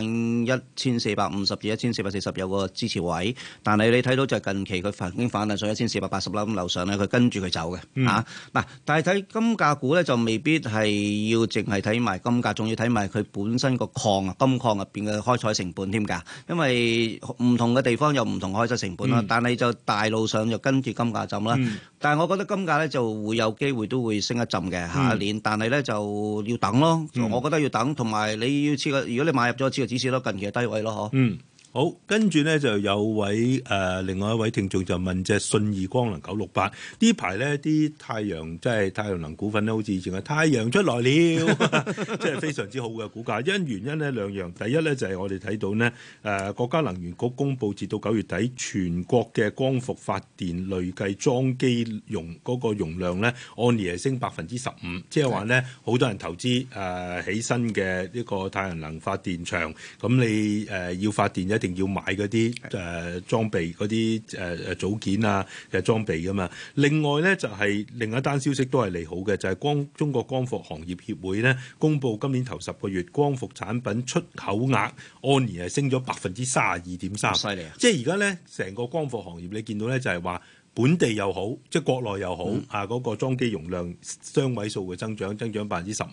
一千四百五十至一千四百四十有個支持位。但係你睇到就近期佢曾經反彈上一千四百八十蚊咁樓上咧，佢跟住佢走嘅嚇。嗱，但係睇金價股咧就未必係要淨係睇埋金價，仲要睇埋佢本身個礦啊，金礦入邊嘅開採成本添㗎。因為唔同嘅地方有唔同開採成本啦。但係就大路上就跟住金價浸啦。但係我覺得金價咧就會有機會都會升一陣嘅下一年，嗯、但係咧就要等咯，嗯、我覺得要等，同埋你要知個，如果你買入咗之後，只先咯，近期係低位咯，嗬。嗯。好，跟住咧就有位誒、呃、另外一位聽眾就問隻信義光能九六八，呢排咧啲太陽即係太陽能股份咧，好似以前嘅太陽出來了，即係 非常之好嘅股價，因原因呢兩樣第一咧就係、是、我哋睇到呢誒、呃、國家能源局公布，至到九月底全國嘅光伏發電累計裝機容嗰、那個容量咧，按年係升百分之十五，即係話咧好多人投資誒、呃、起身起新嘅呢個太陽能發電場，咁你誒要發電一一定要買嗰啲誒裝備嗰啲誒誒組件啊嘅裝備噶嘛。另外咧就係、是、另一單消息都係利好嘅，就係、是、光中國光伏行業協會咧公布今年頭十個月光伏產品出口額按年係升咗百分之卅二點三，犀利啊！即係而家咧成個光伏行業你見到咧就係話。本地又好，即係國內又好，嗯、啊嗰、那個裝機容量雙位數嘅增長，增長百分之十五，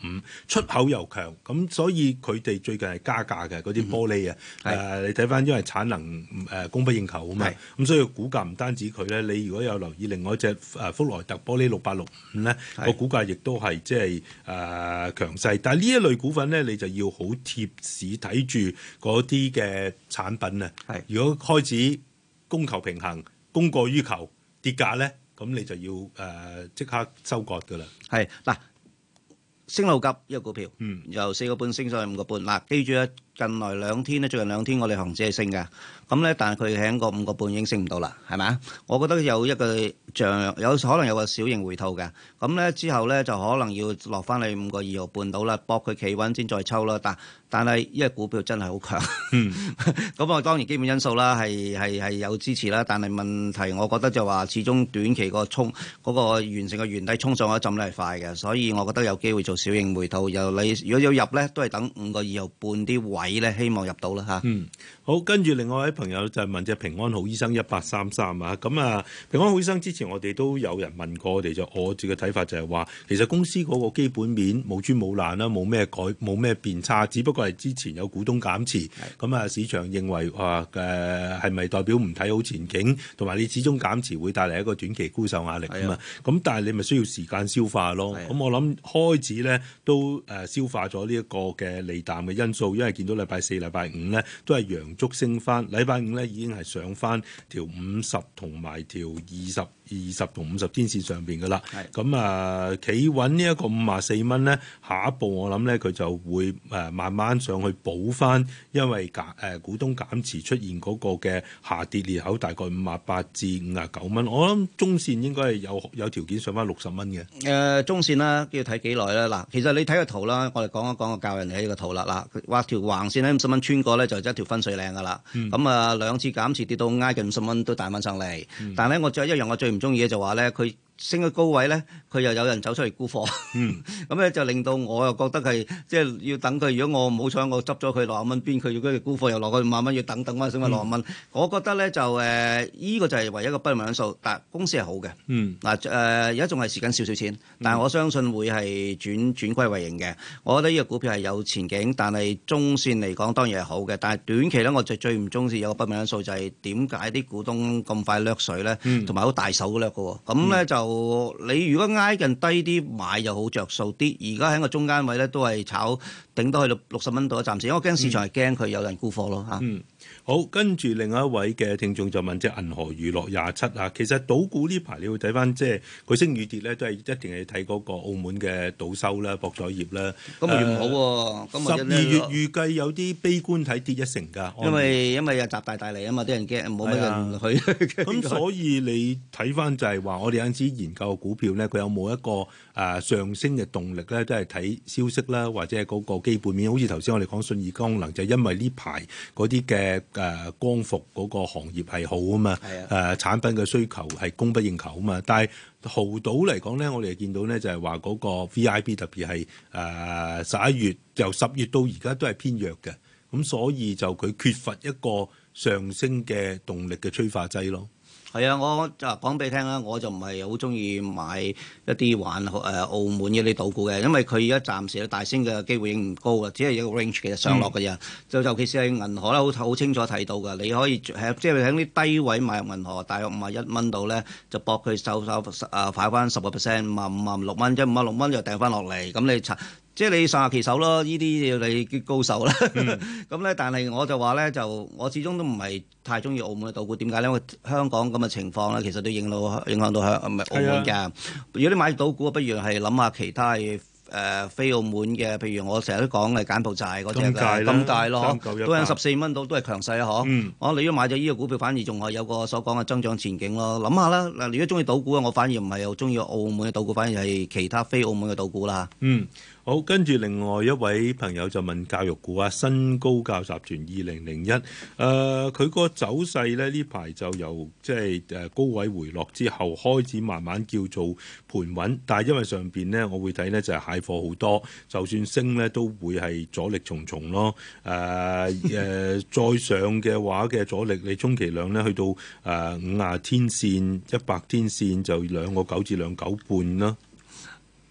出口又強，咁、嗯、所以佢哋最近係加價嘅嗰啲玻璃啊，誒你睇翻，呃、是因為產能誒供不應求啊嘛，咁是所以股價唔單止佢咧，你如果有留意另外一隻誒福萊特玻璃六八六五咧，個股價亦都係即係誒強勢，但係呢一類股份咧，你就要好貼市睇住嗰啲嘅產品啊。係是，是如果開始供求平衡，供過於求。跌價咧，咁你就要誒即刻收割噶啦。係嗱，升好急一個股票，嗯，由四個半升上去五個半，嗱，記住。近來兩天咧，最近兩天我哋恒指係升嘅，咁咧，但係佢喺個五個半已經升唔到啦，係咪？我覺得有一個像有可能有個小型回吐嘅，咁咧之後咧就可能要落翻你五個二毫半到啦，搏佢企穩先再抽啦。但但係因為股票真係好強，咁 我當然基本因素啦，係係係有支持啦，但係問題我覺得就話、是、始終短期個衝嗰個完成個原，成原底衝上嗰浸咧係快嘅，所以我覺得有機會做小型回吐。由你如果要入咧，都係等五個二毫半啲睇咧，希望入到啦吓。嗯。好，跟住另外一位朋友就問，隻平安好醫生一八三三啊，咁啊平安好醫生之前我哋都有人問過我哋，就我自己嘅睇法就係話，其實公司嗰個基本面冇專冇難啦，冇咩改冇咩變差，只不過係之前有股東減持，咁啊市場認為啊誒係咪代表唔睇好前景，同埋你始終減持會帶嚟一個短期沽售壓力啊嘛，咁、啊、但係你咪需要時間消化咯，咁、啊、我諗開始咧都誒消化咗呢一個嘅利淡嘅因素，因為見到禮拜四、禮拜五咧都係陽。足升翻，禮拜五咧已經係上翻條五十同埋條二十。二十同五十天線上邊嘅啦，咁啊是的、嗯、企穩呢一個五十四蚊咧，下一步我諗咧佢就會誒慢慢上去補翻，因為減誒股東減持出現嗰個嘅下跌裂口，大概五十八至五十九蚊，我諗中線應該係有有條件上翻六十蚊嘅。誒、呃、中線咧、啊、要睇幾耐咧？嗱，其實你睇個圖啦，我哋講一講我教人嚟喺呢個圖啦。嗱，畫條橫線喺五十蚊穿過咧，就，就一係條分水嶺噶啦。咁啊、嗯嗯，兩次減持跌到挨近五十蚊都彈翻上嚟，嗯、但咧我最一樣我最唔。中意嘢就話咧，佢。 升個高位咧，佢又有人走出嚟沽貨，咁咧、嗯、就令到我又覺得係即係要等佢。如果我唔好彩，我執咗佢六十蚊邊，佢如果要沽貨又落個五萬蚊，要等等翻升、嗯呃這個六十蚊。我覺得咧就誒，依個就係唯一個不滿因素，但係公司係好嘅。嗯，嗱誒，而家仲係蝕緊少少錢，但係我相信會係轉轉虧為盈嘅。我覺得呢個股票係有前景，但係中線嚟講當然係好嘅，但係短期咧我最最唔中意有個不滿因素就係點解啲股東咁快掠水咧，同埋好大手掠嘅喎。咁咧就你如果挨近低啲買又好着數啲，而家喺個中間位咧都係炒，頂多去到六十蚊度一暫時，因為我驚市場係驚佢有人沽貨咯嚇。嗯好，跟住另外一位嘅聽眾就問，即係銀河娛樂廿七啊。其實賭股呢排你要睇翻，即係佢升與跌咧，都係一定係睇嗰個澳門嘅賭收啦、博彩業啦。咁咪越唔好。咁十二月預計有啲悲觀睇跌一成㗎。因為因為有習大大嚟啊嘛，啲人驚冇乜人去。咁所以你睇翻就係話，我哋有陣時研究股票咧，佢有冇一個誒上升嘅動力咧，都係睇消息啦，或者係嗰個基本面。好似頭先我哋講信義光能，就因為呢排嗰啲嘅。誒、呃、光伏嗰個行業係好啊嘛，誒的、呃、產品嘅需求係供不應求啊嘛，但係濠賭嚟講咧，我哋就見到咧就係話嗰個 VIP 特別係誒十一月由十月到而家都係偏弱嘅，咁所以就佢缺乏一個上升嘅動力嘅催化劑咯。係啊，我就講俾你聽啦，我就唔係好中意買一啲玩誒、呃、澳門嘅啲賭股嘅，因為佢而家暫時咧大升嘅機會已經唔高啦，只係一個 range 其實上落嘅啫。嗯、就尤其是喺銀河咧，好好清楚睇到㗎，你可以係即係喺啲低位買入銀河，大約五啊一蚊度咧，就搏佢收手，啊快翻十個 percent，五啊五啊六蚊，即係五啊六蚊就掟翻落嚟，咁你即係你上下其手咯，呢啲要你叫高手啦。咁咧，但係我就話咧，就我始終都唔係太中意澳門嘅賭股。點解咧？因為香港咁嘅情況咧，其實都影響到影響到香唔係澳門㗎。是啊、如果你買賭股，不如係諗下其他誒非澳門嘅，譬如我成日都講係柬埔寨嗰隻啦，金界咯，都有十四蚊到，都係強勢、嗯、啊！嗬。我你如果買咗呢個股票，反而仲係有個所講嘅增長前景咯。諗下啦。嗱，如果中意賭股我反而唔係又中意澳門嘅賭股，反而係其他非澳門嘅賭股啦。嗯。好，跟住另外一位朋友就問教育股啊，新高教集團二零零一，誒佢個走勢咧呢排就由即係誒高位回落之後開始慢慢叫做盤穩，但係因為上邊呢，我會睇呢，就係蟹貨好多，就算升呢，都會係阻力重重咯。誒、呃、誒 再上嘅話嘅阻力，你充其量呢，去到誒五十天線、一百天線就兩個九至兩九半啦。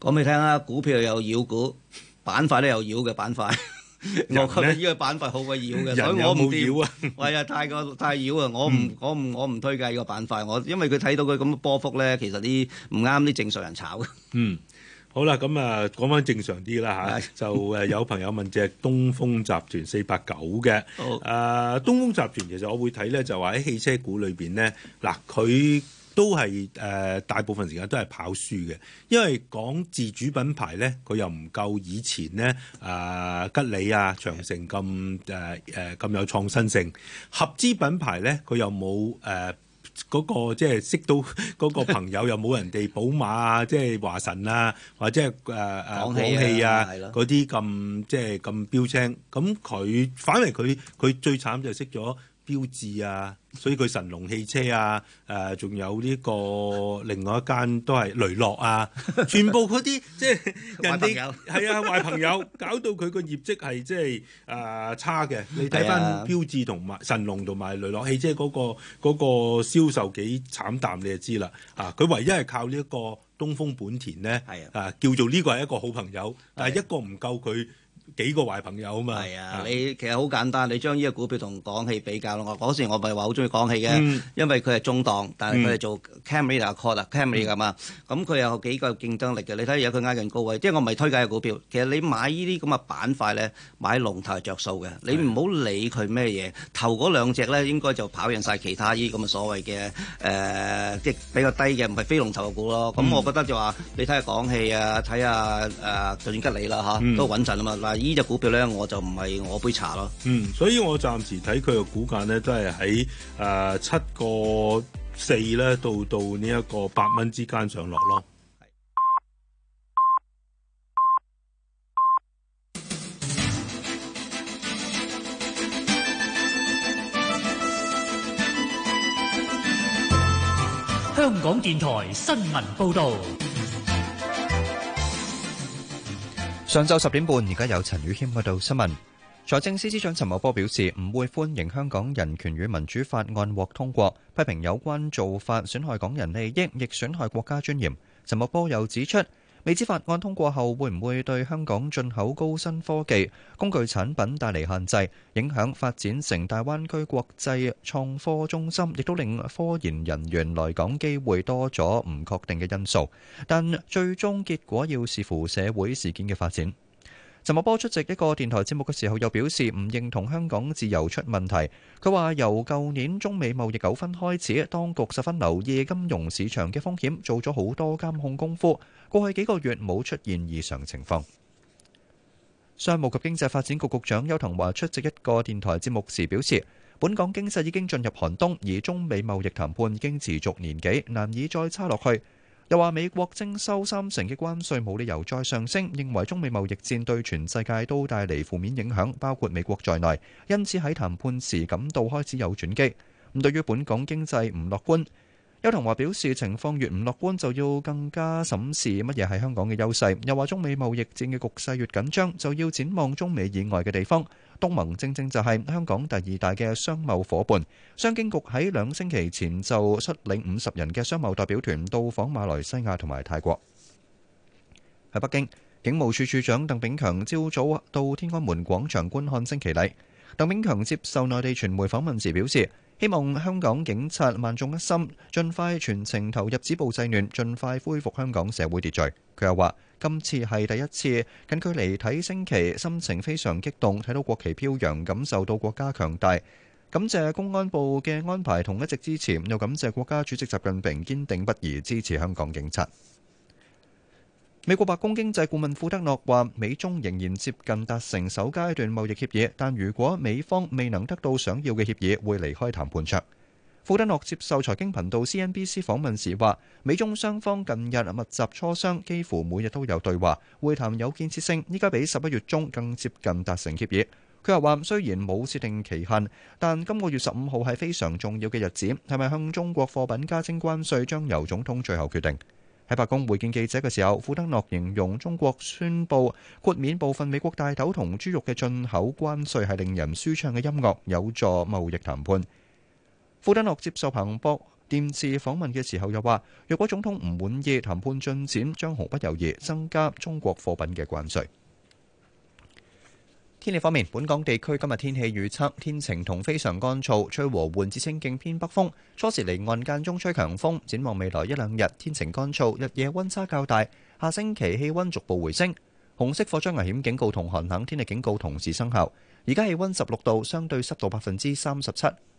講俾你聽啦，股票有妖股，板塊咧有妖嘅板塊， 呢我覺得呢個板塊好鬼妖嘅，有有所以我唔跌，係啊 太過太妖啊，我唔、嗯、我唔我唔推介呢個板塊，我因為佢睇到佢咁嘅波幅咧，其實啲唔啱啲正常人炒。嗯，好啦，咁啊講翻正常啲啦吓， 就誒有朋友問隻東風集團四百九嘅，誒 好東風集團其實我會睇咧，就話喺汽車股裏邊咧，嗱佢。都係誒大部分時間都係跑輸嘅，因為講自主品牌咧，佢又唔夠以前咧啊，吉利啊、長城咁誒誒咁有創新性。合資品牌咧，佢又冇誒嗰個即係識到嗰個朋友，又冇人哋寶馬啊，即係華晨啊，或者誒誒廣汽啊嗰啲咁即係咁標青。咁佢反為佢佢最慘就係識咗。標誌啊，所以佢神龍汽車啊，誒、呃、仲有呢個另外一間都係雷諾啊，全部嗰啲 即係人哋係壞朋 啊壞朋友，搞到佢個業績係即係誒差嘅。你睇翻標誌同埋神龍同埋雷諾汽車嗰個嗰個銷售幾慘淡，你就知啦。啊，佢唯一係靠呢一個東風本田咧，啊叫做呢個係一個好朋友，但係一個唔夠佢。幾個壞朋友啊嘛，係啊，你其實好簡單，你將呢個股票同廣汽比較咯。我嗰時我咪話好中意廣汽嘅，因為佢係中檔，但係佢係做 camera c a l m e r a 嘛，咁佢有幾個競爭力嘅。你睇下有佢挨近高位，即係我唔係推介嘅股票。其實你買呢啲咁嘅板塊咧，買龍頭係著數嘅。你唔好理佢咩嘢，頭嗰兩隻咧應該就跑贏晒其他呢啲咁嘅所謂嘅誒即比較低嘅，唔係非龍頭嘅股咯。咁我覺得就話你睇下廣汽啊，睇下誒進吉利啦嚇，都穩陣啊嘛。.依隻、啊這個、股票咧，我就唔係我杯茶咯。嗯，所以我暫時睇佢嘅股價咧，都係喺誒七個四咧，到到呢一個八蚊之間上落咯。係香港電台新聞報導。上晝十點半，而家有陳宇軒喺度新聞。財政司司長陳茂波表示，唔會歡迎香港人權與民主法案獲通過，批評有關做法損害港人利益，亦損害國家尊嚴。陳茂波又指出。未知法案通過後，會唔會對香港進口高新科技、工具產品帶嚟限制，影響發展成大灣區國際創科中心，亦都令科研人員來港機會多咗唔確定嘅因素。但最終結果要視乎社會事件嘅發展。陳茂波出席一個電台節目嘅時候，又表示唔認同香港自由出問題。佢話由舊年中美貿易糾紛開始，當局十分留意金融市場嘅風險，做咗好多監控功夫。過去幾個月冇出現異常情況。商務及經濟發展局局長邱騰華出席一個電台節目時表示，本港經濟已經進入寒冬，而中美貿易談判已經持續年幾，難以再差落去。又話美國徵收三成嘅關稅冇理由再上升，認為中美貿易戰對全世界都帶嚟負面影響，包括美國在內。因此喺談判時感到開始有轉機。咁對於本港經濟唔樂觀，邱騰華表示情況越唔樂觀就要更加審視乜嘢係香港嘅優勢。又話中美貿易戰嘅局勢越緊張，就要展望中美以外嘅地方。東盟正正就係香港第二大嘅商貿夥伴，商經局喺兩星期前就率領五十人嘅商貿代表團到訪馬來西亞同埋泰國。喺北京，警務處處長鄧炳強朝早到天安門廣場觀看升旗禮。鄧炳強接受內地傳媒訪問時表示，希望香港警察萬眾一心，盡快全程投入止暴制亂，盡快恢復香港社會秩序。佢又話，今次係第一次近距離睇升旗，心情非常激動，睇到國旗飄揚，感受到國家強大。感謝公安部嘅安排，同一直支持，又感謝國家主席習近平堅定不移支持香港警察。美國白宮經濟顧問庫德諾話：美中仍然接近達成首階段貿易協議，但如果美方未能得到想要嘅協議，會離開談判桌。富登諾接受財經頻道 CNBC 訪問時話，美中雙方近日密集磋商，幾乎每日都有對話，會談有建設性，而家比十一月中更接近達成協議。佢又話，雖然冇設定期限，但今個月十五號係非常重要嘅日子，係咪向中國貨品加徵關稅，將由總統最後決定。喺白宮會見記者嘅時候，富登諾形容中國宣布豁免部分美國大豆同豬肉嘅進口關稅係令人舒暢嘅音樂，有助貿易談判。庫德洛接受彭博電視訪問嘅時候又話：若果總統唔滿意談判進展，將毫不猶豫增加中國貨品嘅關稅。天氣方面，本港地區今日天，天氣預測天晴同非常乾燥，吹和緩至清勁偏北風，初時離岸間中吹強風。展望未來一兩日，天晴乾燥，日夜溫差較大。下星期氣溫逐步回升。紅色火災危險警告同寒冷天氣警告同時生效。而家氣溫十六度，相對濕度百分之三十七。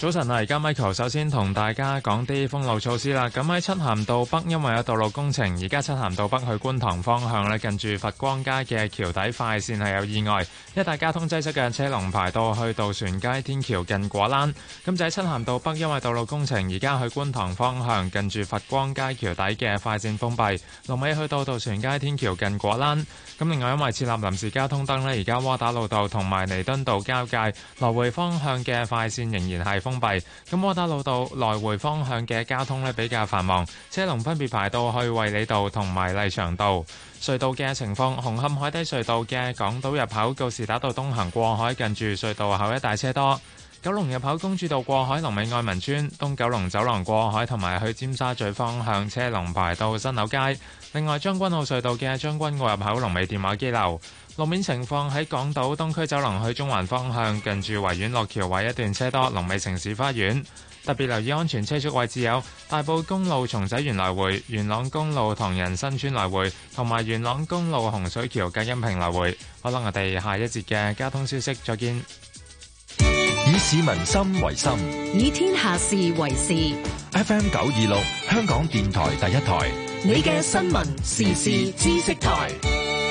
早晨啊！而家 Michael 首先同大家講啲封路措施啦。咁喺漆咸道北，因為有道路工程，而家漆咸道北去觀塘方向咧，近住佛光街嘅橋底快線係有意外，一帶交通擠塞嘅車龍排到去渡船街天橋近果欄。咁就喺漆咸道北，因為道路工程，而家去觀塘方向近住佛光街橋底嘅快線封閉，龍尾去到渡船街天橋近果欄。咁另外因為設立臨時交通燈咧，而家窩打老道同埋彌敦道交界來回方向嘅快線仍然係封封閉，咁窩打老道來回方向嘅交通呢，比較繁忙，車龍分別排到去衛理道同埋麗祥道。隧道嘅情況，紅磡海底隧道嘅港島入口告士打道東行過海，近住隧道口一帶車多。九龍入口公主道過海，龍尾愛民村東九龍走廊過海同埋去尖沙咀方向，車龍排到新柳街。另外，將軍澳隧道嘅將軍澳入口龍尾電話機樓。路面情況，喺港島東區走廊去中環方向，近住維園落橋位一段車多，龍尾城市花園。特別留意安全車速位置有大埔公路松仔園來回、元朗公路唐人新村來回、同埋元朗公路洪水橋隔音屏來回。好啦，我哋下一節嘅交通消息再見。以市民心為心，以天下事為事。FM 九二六香港電台第一台，你嘅新聞時事知識台。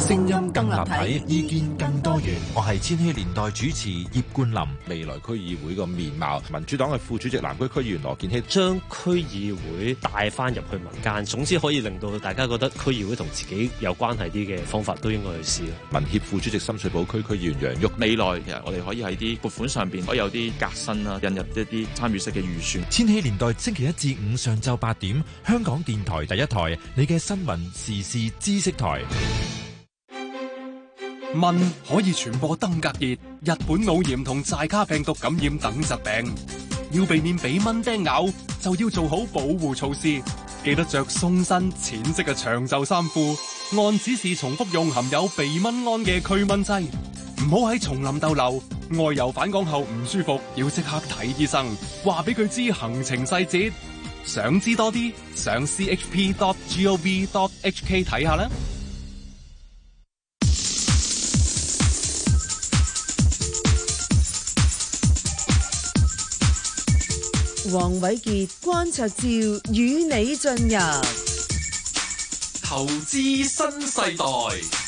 聲音更立體，意見更多元。我係千禧年代主持葉冠林。未來區議會嘅面貌，民主黨嘅副主席南區區議員羅建熙，將區議會帶翻入去民間。總之，可以令到大家覺得區議會同自己有關係啲嘅方法，都應該去試咯。民協副主席深水埗區區議員楊玉，未來其實我哋可以喺啲撥款上邊，可以有啲革新啦，引入一啲參與式嘅預算。千禧年代星期一至五上晝八點，香港電台第一台，你嘅新聞時事知識台。蚊可以傳播登革熱、日本腦炎同寨卡病毒感染等疾病。要避免俾蚊叮咬，就要做好保護措施。記得着鬆身淺色嘅長袖衫褲。按指示重複用含有避蚊胺嘅驅蚊劑。唔好喺叢林逗留。外遊返港後唔舒服，要即刻睇醫生。話俾佢知行程細節。想知多啲，上 chp.gov.hk 睇下啦。黃瑋傑關焯照與你進入投資新世代。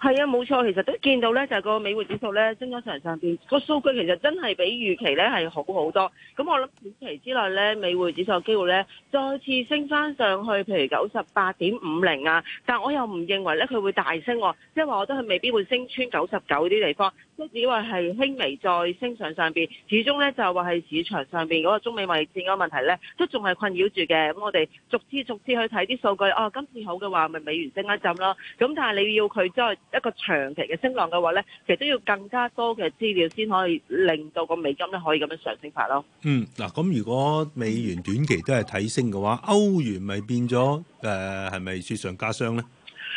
係啊，冇錯，其實都見到咧，就係、是、個美匯指數咧升咗上上邊。個數據其實真係比預期咧係好好多。咁我諗短期之內咧，美匯指數有機會咧再次升翻上去，譬如九十八點五零啊。但我又唔認為咧佢會大升，即係話我覺得佢未必會升穿九十九啲地方，即係只係係輕微再升上上邊。始終咧就係話係市場上邊嗰、那個中美貿易戰嗰個問題咧，都仲係困擾住嘅。咁我哋逐次逐次去睇啲數據。哦、啊，今次好嘅話，咪、就是、美元升一陣咯。咁但係你要佢再。一個長期嘅升浪嘅話呢，其實都要更加多嘅資料先可以令到個美金呢可以咁樣上升法咯。嗯，嗱，咁如果美元短期都係睇升嘅話，歐元咪變咗誒，係咪雪上加霜呢？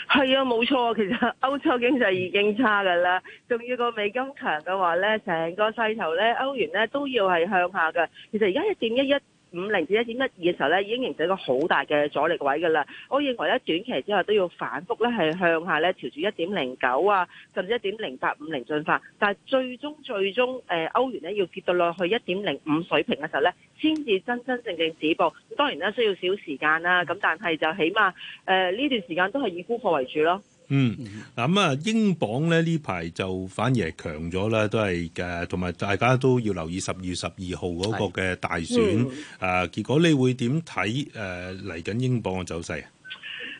係啊，冇錯啊，其實歐洲經濟已經差噶啦，仲要個美金強嘅話呢，成個勢頭呢，歐元呢都要係向下嘅。其實而家一點一一。五零至一點一二嘅時候咧，已經形成一個好大嘅阻力位㗎啦。我認為咧，短期之後都要反覆咧，係向下咧朝住一點零九啊，甚至一點零八五零進發。但係最終最終，誒歐元咧要跌到落去一點零五水平嘅時候咧，先至真真正正止步。當然啦，需要少時間啦。咁但係就起碼誒呢段時間都係以沽貨為主咯。嗯，嗱咁啊，英鎊咧呢排就反而係強咗啦，都係嘅，同、啊、埋大家都要留意十二月十二號嗰個嘅大選的啊，結果你會點睇誒嚟緊英鎊嘅走勢啊？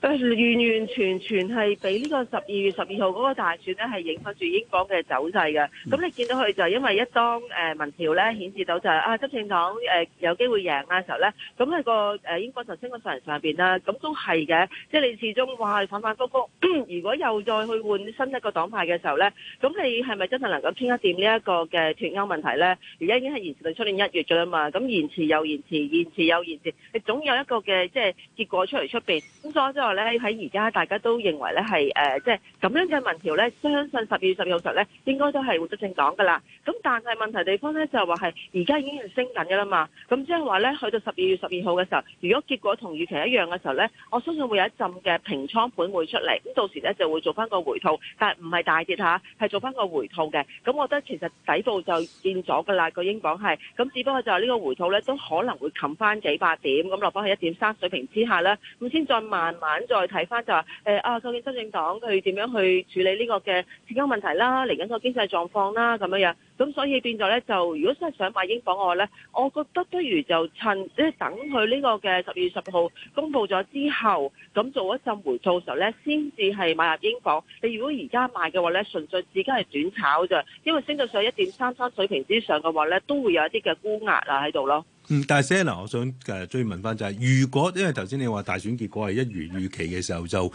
完完全全係俾呢個十二月十二號嗰個大選呢，係影響住英國嘅走勢嘅。咁你見到佢就因為一單誒民調呢，顯示到就係啊，執政黨誒有機會贏嘅時候呢，咁喺個誒英國就升咗層上邊啦，咁都係嘅。即係你始終話反反覆覆，如果又再去換新一個黨派嘅時候呢，咁你係咪真係能夠傾一掂呢一個嘅脫歐問題呢？而家已經係延遲到出年一月咗啦嘛，咁延遲又延遲，延遲又延遲，你總有一個嘅即係結果出嚟出邊。咁所喺而家大家都認為咧係誒，即係咁樣嘅民調咧，相信十二月十二號嘅時候咧，應該都係獲得政黨噶啦。咁但係問題地方咧就係話係而家已經係升緊噶啦嘛。咁即係話咧，去到十二月十二號嘅時候，如果結果同預期一樣嘅時候咧，我相信會有一陣嘅平倉盤會出嚟。咁到時咧就會做翻個回吐，但係唔係大跌吓，係做翻個回吐嘅。咁我覺得其實底部就見咗噶啦，個英鎊係。咁只不過就係呢個回吐咧，都可能會冚翻幾百點，咁落翻去一點三水平之下咧，咁先再慢慢。再睇翻就話誒、欸、啊，究竟新政黨佢點樣去處理呢個嘅資金問題啦，嚟緊個經濟狀況啦咁樣樣，咁所以變咗咧就如果真係想買英鎊嘅話咧，我覺得不如就趁即係等佢呢個嘅十月十號公布咗之後，咁做一陣回吐嘅時候咧，先至係買入英鎊。你如果而家買嘅話咧，純粹自家係短炒咋，因為升到上一點三三水平之上嘅話咧，都會有一啲嘅沽壓啊喺度咯。嗯，但係 Sir 嗱，我想誒追問翻就係，如果因為頭先你話大選結果係一如預期嘅時候，就誒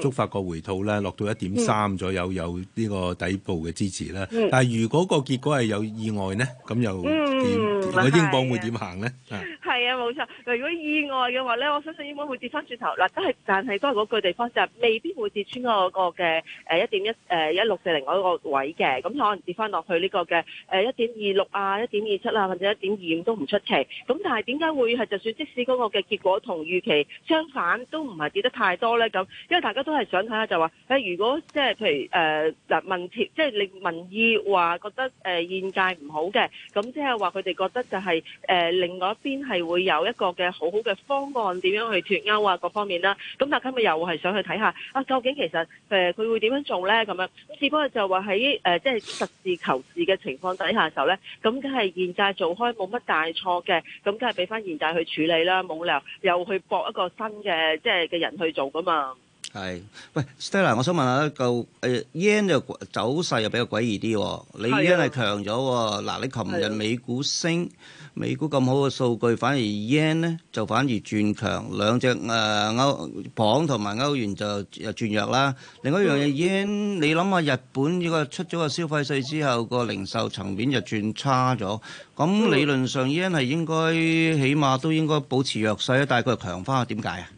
觸發個回吐啦，落到一點三左右，有呢個底部嘅支持啦。但係如果個結果係有意外咧，咁又點？個英鎊會點行咧？係啊，冇錯。如果意外嘅話咧，我相信英鎊會跌翻轉頭。嗱，都係，但係都係嗰句地方就係未必會跌穿嗰個嘅誒一點一誒一六四零嗰個位嘅。咁可能跌翻落去呢個嘅誒一點二六啊，一點二七啊，或者一點二五都唔出奇。咁但係點解會係就算即使嗰個嘅結果同預期相反都唔係跌得太多咧？咁因為大家都係想睇下就話，誒如果即係譬如誒嗱、呃、民調，即係令民意話覺得誒現屆唔好嘅，咁即係話佢哋覺得就係、是、誒、呃、另外一邊係會有一個嘅好好嘅方案點樣去脱歐啊各方面啦。咁但係今日又係想去睇下啊，究竟其實誒佢會點樣做咧？咁樣咁，只不過就話喺誒即係實事求是嘅情況底下嘅時候咧，咁梗係現屆做開冇乜大錯嘅。咁梗係俾翻現大去處理啦，冇理由又去搏一個新嘅即係嘅人去做噶嘛。係，喂，Stella，我想問下，就誒 yen 就走勢又比較詭異啲，你已 e n 係強咗，嗱的、啊，你琴日美股升。美股咁好嘅數據，反而 yen 咧就反而轉強，兩隻誒、呃、歐磅同埋歐元就又轉弱啦。另一樣嘢 yen，你諗下日本呢個出咗個消費稅之後，個零售層面就轉差咗。咁理論上 yen 係應該起碼都應該保持弱勢，但係佢又強翻，點解啊？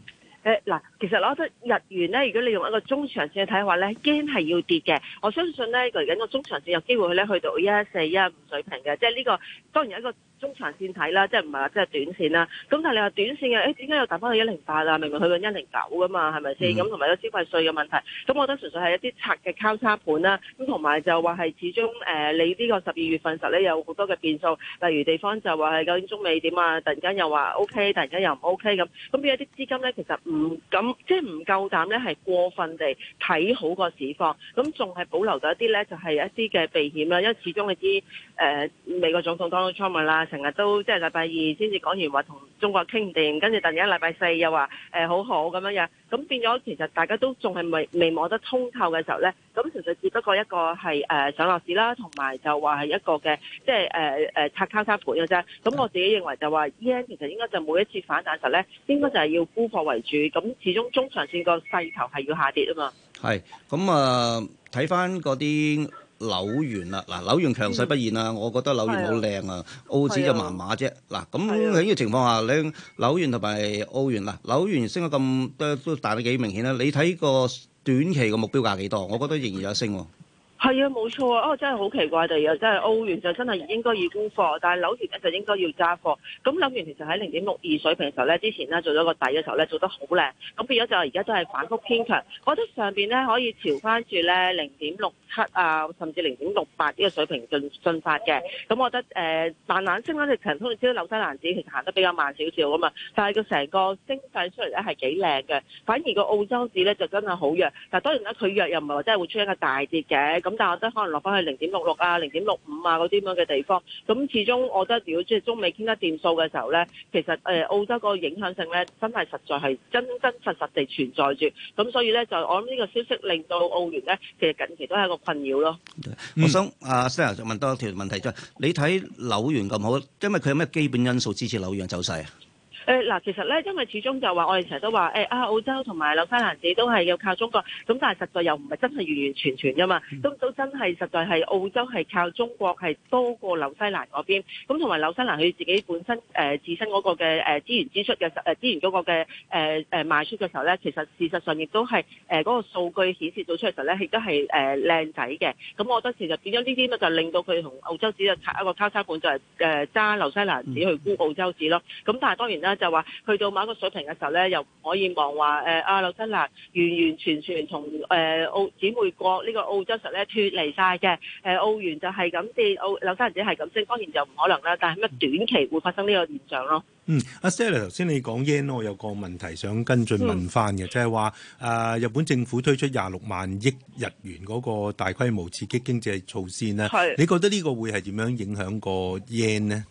誒嗱，其實攞得日元咧，如果你用一個中長線去睇嘅話咧，yen 係要跌嘅。我相信咧，佢而家個中長線有機會去咧去到一一四一五水平嘅，即係呢個當然一個。中長線睇啦，即係唔係話即係短線啦？咁但係你話短線嘅，誒點解又彈翻去一零八啊？明明去到一零九噶嘛，係咪先？咁同埋都消費稅嘅問題，咁我覺得純粹係一啲拆嘅交叉盤啦。咁同埋就話係始終誒，你呢個十二月份實咧有好多嘅變數，例如地方就話係究竟中美點啊？突然間又話 OK，突然間又唔 OK 咁。咁變一啲資金咧，其實唔咁即係唔夠膽咧，係過分地睇好個市況，咁仲係保留咗一啲咧，就係一啲嘅避險啦。因為始終你知誒美國總統 Donald Trump 啦。成日都即係禮拜二先至講完話同中國傾掂，跟住突然間禮拜四又話誒、欸、好好咁樣樣，咁變咗其實大家都仲係未未摸得通透嘅時候咧，咁純粹只不過一個係誒、呃、上落市啦，同埋就話係一個嘅即係誒誒拆卡拆盤嘅啫。咁我自己認為就話依家其實應該就每一次反彈時候咧，應該就係要沽貨為主，咁始終中長線個勢頭係要下跌啊嘛。係，咁啊睇翻嗰啲。呃看看紐元啊，嗱紐元強勢不現啊。嗯、我覺得紐元好靚啊，的澳紙就麻麻啫。嗱的，咁喺呢個情況下，你紐元同埋澳元嗱紐元升咗咁多，都大得幾明顯咧？你睇個短期個目標價幾多？我覺得仍然有升。係啊，冇錯啊！哦，真係好奇怪哋啊！真係澳元就真係應該要沽貨，但係紐元咧就應該要揸貨。咁紐元其實喺零點六二水平嘅時候咧，之前咧做咗個底嘅時候咧，做得好靚。咁變咗就而家都係反覆偏強。我覺得上邊咧可以調翻住咧零點六七啊，甚至零點六八呢個水平進進發嘅。咁、嗯、我覺得誒慢藍星嗰隻、啊、陳通，你知啦，紐西蘭紙其實行得比較慢少少咁嘛。但係佢成個升勢出嚟咧係幾靚嘅。反而個澳洲紙咧就真係好弱。但係當然啦，佢弱又唔係話真係會出一個大跌嘅。咁但係我覺得可能落翻去零點六六啊、零點六五啊嗰啲咁樣嘅地方，咁始終我覺得如果即係中美傾得掂數嘅時候咧，其實誒澳洲個影響性咧真係實在係真真實實地存在住，咁所以咧就我諗呢個消息令到澳元咧其實近期都係一個困擾咯。嗯、我想阿 Sir 就問多一條問題就係：你睇紐元咁好，因為佢有咩基本因素支持紐元走勢啊？誒嗱，其實咧，因為始終就話我哋成日都話誒、哎、啊，澳洲同埋紐西蘭紙都係要靠中國，咁但係實在又唔係真係完完全全噶嘛，都都真係實在係澳洲係靠中國係多過紐西蘭嗰邊，咁同埋紐西蘭佢自己本身誒、呃、自身嗰個嘅誒資源支出嘅實誒資源嗰個嘅誒誒賣出嘅時候咧，其實事實上亦都係誒嗰個數據顯示到出嚟時候咧，亦都係誒靚仔嘅，咁、嗯、我覺得其實變咗呢啲咪就令到佢同澳洲紙就插一個交叉盤、就是，就係誒揸紐西蘭紙去沽澳洲紙咯，咁但係當然啦。就話去到某一個水平嘅時候咧，又唔可以望話誒啊，紐西蘭完完全全同誒澳姊妹國呢個澳洲實咧脫離晒嘅。誒，澳元就係咁跌，澳紐西蘭只係咁升，當然就唔可能啦。但係咩短期會發生呢個現象咯。嗯，阿 Stella，頭先你講 yen，我有個問題想跟進問翻嘅，即係話誒日本政府推出廿六萬億日元嗰個大規模刺激經濟措施咧，你覺得呢個會係點樣影響個 yen 咧？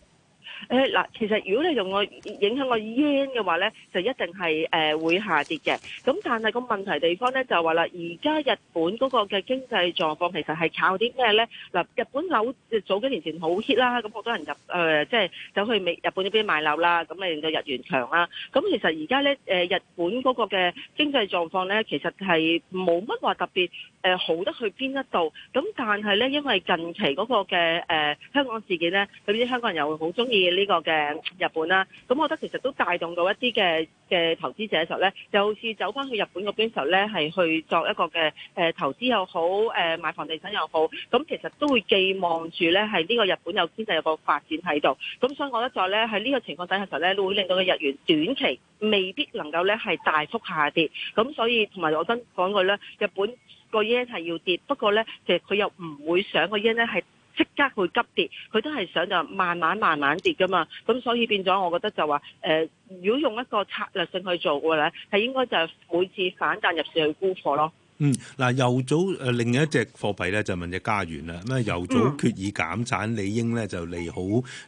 誒嗱，其實如果你用個影響個 yen 嘅話咧，就一定係誒、呃、會下跌嘅。咁但係個問題地方咧就話啦，而家日本嗰個嘅經濟狀況其實係靠啲咩咧？嗱、呃，日本樓早幾年前好 hit 啦，咁好多人入，誒即係走去美日本嗰邊買樓啦，咁令到日元強啦。咁其實而家咧誒日本嗰個嘅經濟狀況咧，其實係冇乜話特別誒、呃、好得去邊一度。咁但係咧，因為近期嗰個嘅誒、呃、香港事件咧，咁啲香港人又會好中意，呢個嘅日本啦、啊，咁我覺得其實都帶動到一啲嘅嘅投資者嘅時候咧，就好似走翻去日本嗰邊嘅時候咧，係去作一個嘅誒、呃、投資又好，誒、呃、買房地產又好，咁其實都會寄望住咧係呢個日本有經濟有個發展喺度，咁所以我覺得就咧喺呢個情況底下嘅時候咧，會令到個日元短期未必能夠咧係大幅下跌，咁所以同埋我真講句咧，日本個 yen 係要跌，不過咧其實佢又唔會想個 yen 咧係。即刻會急跌，佢都係想就慢慢慢慢跌噶嘛，咁所以變咗，我覺得就話誒、呃，如果用一個策略性去做嘅咧，係應該就係每次反彈入市去沽貨咯。嗯，嗱、呃，油組誒另一隻貨幣咧就問隻加元啦，咁、呃、啊油組決議減產，嗯、理應咧就利好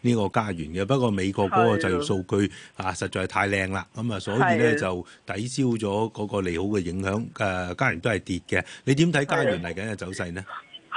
呢個加元嘅。不過美國嗰個就業數據啊，的實在係太靚啦，咁、嗯、啊所以咧的就抵消咗嗰個利好嘅影響，誒加元都係跌嘅。你點睇加元嚟緊嘅走勢呢？的的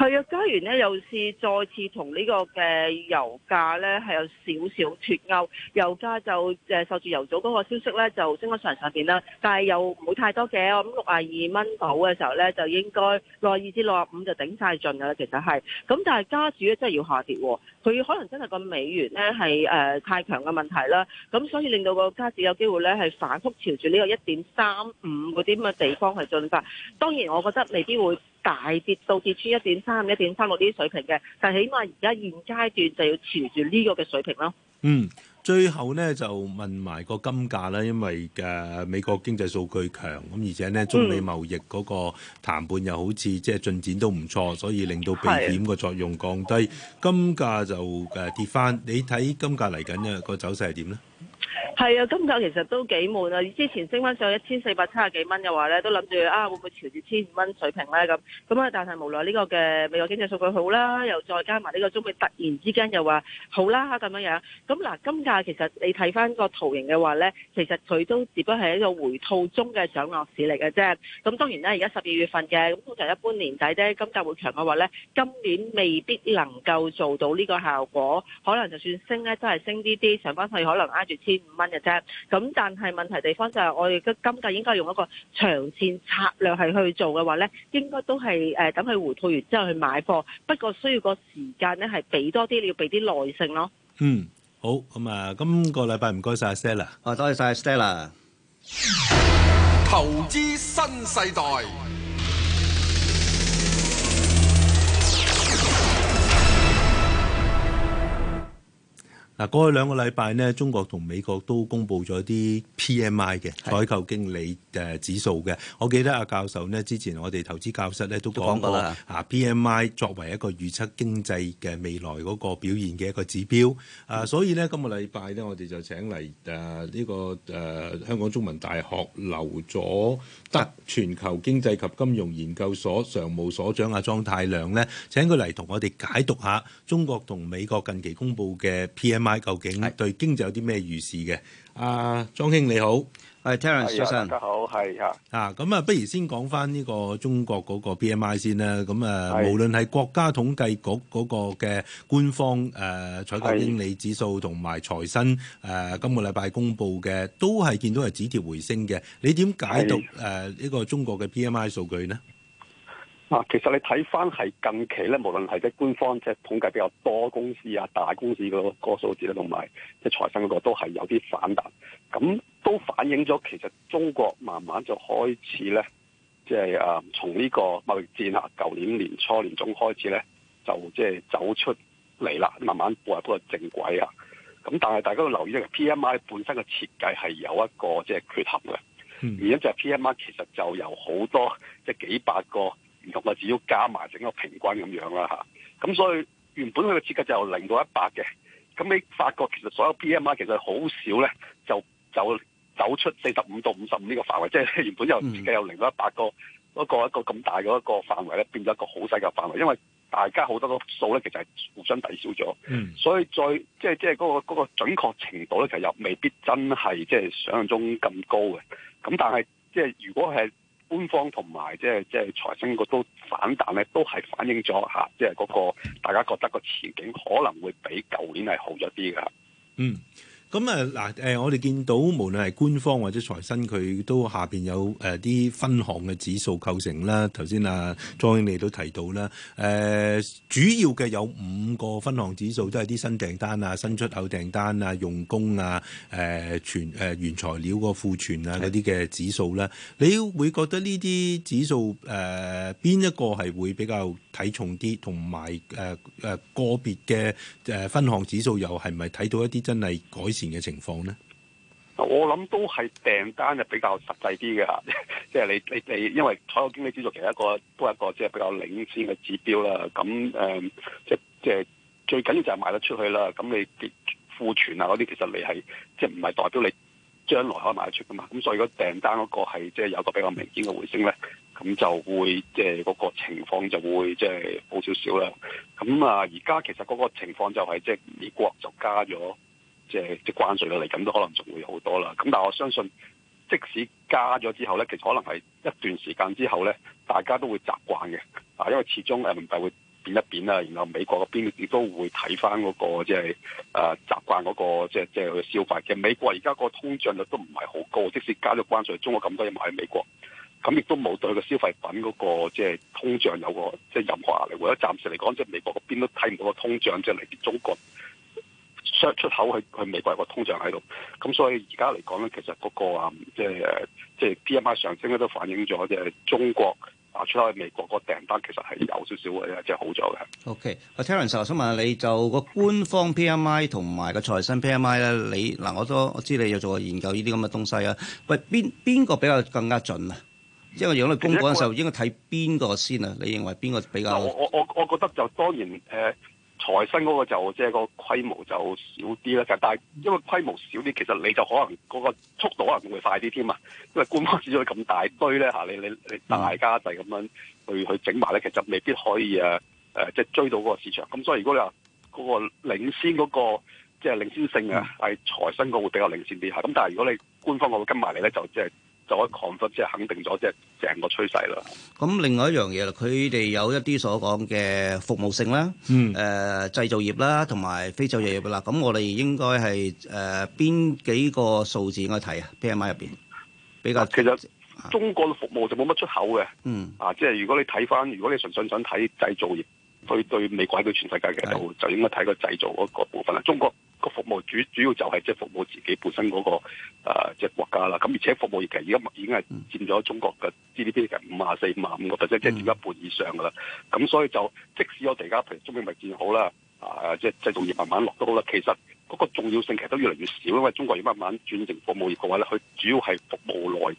係啊，加完咧又是再次同呢個嘅油價咧係有少少脫鉤，油價就誒受住油組嗰個消息咧就升咗上上邊啦，但係又冇太多嘅，我諗六啊二蚊到嘅時候咧就應該六二至六啊五就頂晒盡嘅啦，其實係，咁但係加注咧真係要下跌喎、啊。佢可能真係個美元咧係誒太強嘅問題啦，咁、嗯、所以令到個加市有機會咧係反覆朝住呢個一點三五嗰啲咁嘅地方去進發。當然，我覺得未必會大跌到跌穿一點三五、一點三六啲水平嘅，但係起碼而家現階段就要朝住呢個嘅水平咯。嗯。最後呢，就問埋個金價啦，因為嘅、呃、美國經濟數據強，咁而且呢，中美貿易嗰個談判又好似即係進展都唔錯，所以令到避險個作用降低，的金價就誒、呃、跌翻。你睇金價嚟緊嘅個走勢係點呢？係啊，金價其實都幾悶啊！之前升翻上一千四百七十幾蚊嘅話咧，都諗住啊會唔會調至千五蚊水平咧？咁咁啊，但係無奈呢個嘅美國經濟數據好啦，又再加埋呢個中美突然之間又話好啦咁樣樣。咁、啊、嗱，金價其實你睇翻個圖形嘅話咧，其實佢都只不過係一個回吐中嘅上落市嚟嘅啫。咁、啊、當然咧，而家十二月份嘅咁通常一般年底啫，金價會強嘅話咧，今年未必能夠做到呢個效果，可能就算升咧都係升啲啲，上翻去可能挨住千五蚊嘅啫，咁但係問題地方就係，我哋今金價應該用一個長線策略係去做嘅話咧，應該都係誒等佢回吐完之後去買貨，不過需要個時間咧係俾多啲，你要俾啲耐性咯。嗯，好，咁、嗯、啊，今個禮拜唔該晒 Stella，啊多謝晒 Stella，投資新世代。嗱，過去兩個禮拜咧，中國同美國都公布咗啲 PMI 嘅採購經理誒指數嘅。我記得阿教授咧之前我哋投資教室咧都講過，啊 PMI 作為一個預測經濟嘅未來個表現嘅一個指標啊，所以咧今個禮拜咧，我哋就請嚟誒呢個誒香港中文大學劉佐德全球經濟及金融研究所常務所長阿莊太量咧，請佢嚟同我哋解讀下中國同美國近期公布嘅 PMI。究竟對經濟有啲咩預示嘅？阿、啊、莊兄你好，係 Terence 先生，大家好，係啊啊咁啊，不如先講翻呢個中國嗰個 P M I 先啦。咁啊，Hi ya. 無論係國家統計局嗰個嘅官方誒採購經理指數，同埋財新誒今個禮拜公布嘅，都係見到係止跌回升嘅。你點解讀誒呢 Hi ya.、呃這個中國嘅 P M I 數據呢？啊，其實你睇翻係近期咧，無論係即官方即係、就是、統計比較多公司啊、大公司個、嗰個數字咧，同埋即係財新嗰個都係有啲反彈，咁都反映咗其實中國慢慢就開始咧，即係啊，從呢個貿易戰啊，舊年年初年中開始咧，就即係走出嚟啦，慢慢步入嗰個正軌啊。咁但係大家都留意咧，P M I 本身嘅設計係有一個即係缺陷嘅，原因、嗯、就係 P M I 其實就由好多即係、就是、幾百個。唔同啊！只要加埋整個平均咁樣啦嚇，咁、啊、所以原本佢嘅設計就由零到一百嘅，咁你發覺其實所有 PMI 其實好少咧，就走走出四十五到五十五呢個範圍，即、就、係、是、原本又設計由零到一百個一個一個咁大嘅一個範圍咧，變咗一個好細嘅範圍，因為大家好多個數咧其實係互相抵消咗，嗯、所以再即係即係嗰個嗰、嗰個準確程度咧，其實又未必真係即係想象中咁高嘅。咁但係即係如果係。官方同埋即係即係財新都反彈咧，都係反映咗吓，即係嗰個大家覺得個前景可能會比舊年係好咗啲噶。嗯。咁啊嗱，誒、嗯嗯、我哋見到無論係官方或者財新佢都下邊有誒啲、呃、分項嘅指數構成啦。頭先啊莊應利都提到啦，誒、呃、主要嘅有五個分項指數都係啲新訂單啊、新出口訂單啊、用工啊、誒、呃、全誒、呃、原材料個庫存啊嗰啲嘅指數啦。是你會覺得呢啲指數誒邊一個係會比較睇重啲，同埋誒誒個別嘅誒分項指數又係咪睇到一啲真係改善？嘅情況咧，我諗都係訂單就比較實際啲嘅，即 係你你你，因為採購經理指數其實一個都係一個即係比較領先嘅指標啦。咁誒、嗯，即即係最緊要就係賣得出去啦。咁你庫存啊嗰啲，其實你係即係唔係代表你將來可以賣得出㗎嘛？咁所以個訂單嗰個係即係有個比較明顯嘅回升咧，咁就會即係嗰、那個情況就會即係好少少啦。咁啊，而家其實嗰個情況就係、是、即係美國就加咗。即係即關稅嘅嚟，咁都可能仲會好多啦。咁但係我相信，即使加咗之後咧，其實可能係一段時間之後咧，大家都會習慣嘅。啊，因為始終人民幣會變一變啦，然後美國嗰邊亦都會睇翻嗰個即係誒、呃、習慣嗰、嗰個即係即係消費。其實美國而家個通脹率都唔係好高，即使加咗關稅，中國咁多嘢買喺美國，咁亦都冇對個消費品嗰、嗰個即係通脹有個即係任何壓力。或者暫時嚟講，即係美國嗰邊都睇唔到個通脹，即係嚟自中國。出口去去美國個通脹喺度，咁所以而家嚟講咧，其實嗰個啊，即係即係 P M I 上升咧，都反映咗即係中國啊出口去美國個訂單其實係有少少嘅，即係好咗嘅。O K，阿 Terence，我想問下你，就個官方 P M I 同埋個財新 P M I 咧，你嗱我都我知你有做過研究呢啲咁嘅東西啊，喂，邊邊個比較更加準啊？因為如果你公佈嘅時候，應該睇邊個先啊？你認為邊個比較準？我我我覺得就當然誒。呃財新嗰個就即係、就是、個規模就少啲啦，但係因為規模少啲，其實你就可能嗰個速度可能會快啲添啊。因為官方置咗咁大堆咧嚇，你你你大家就係咁樣去去整埋咧，其實未必可以誒誒即係追到嗰個市場，咁所以如果你話嗰個領先嗰、那個即係、就是、領先性啊，係的財新嗰個會比較領先啲嚇，咁但係如果你官方嗰個跟埋嚟咧，就即、就、係、是。就可以 confirm 即係肯定咗即係成個趨勢啦。咁另外一樣嘢啦，佢哋有一啲所講嘅服務性啦，誒、嗯呃、製造業啦，同埋非製造業嘅啦。咁、嗯、我哋應該係誒邊幾個數字應該睇啊？PMI 入邊比較，其實中國嘅服務就冇乜出口嘅。嗯。啊，即係如果你睇翻，如果你純粹想睇製造業。佢對，對美國喺佢全世界嘅度，就應該睇個製造嗰個部分啦。中國個服務主主要就係即係服務自己本身嗰個誒即係國家啦。咁而且服務業其實而家已經係佔咗中國嘅 GDP 嘅五十四、五個 percent，、嗯、即係佔一半以上噶啦。咁所以就即使我哋而家譬如中美貿戰好啦，啊即係製造業慢慢落都好啦，其實嗰個重要性其實都越嚟越少，因為中國要慢慢轉成服務業嘅話咧，佢主要係服務內。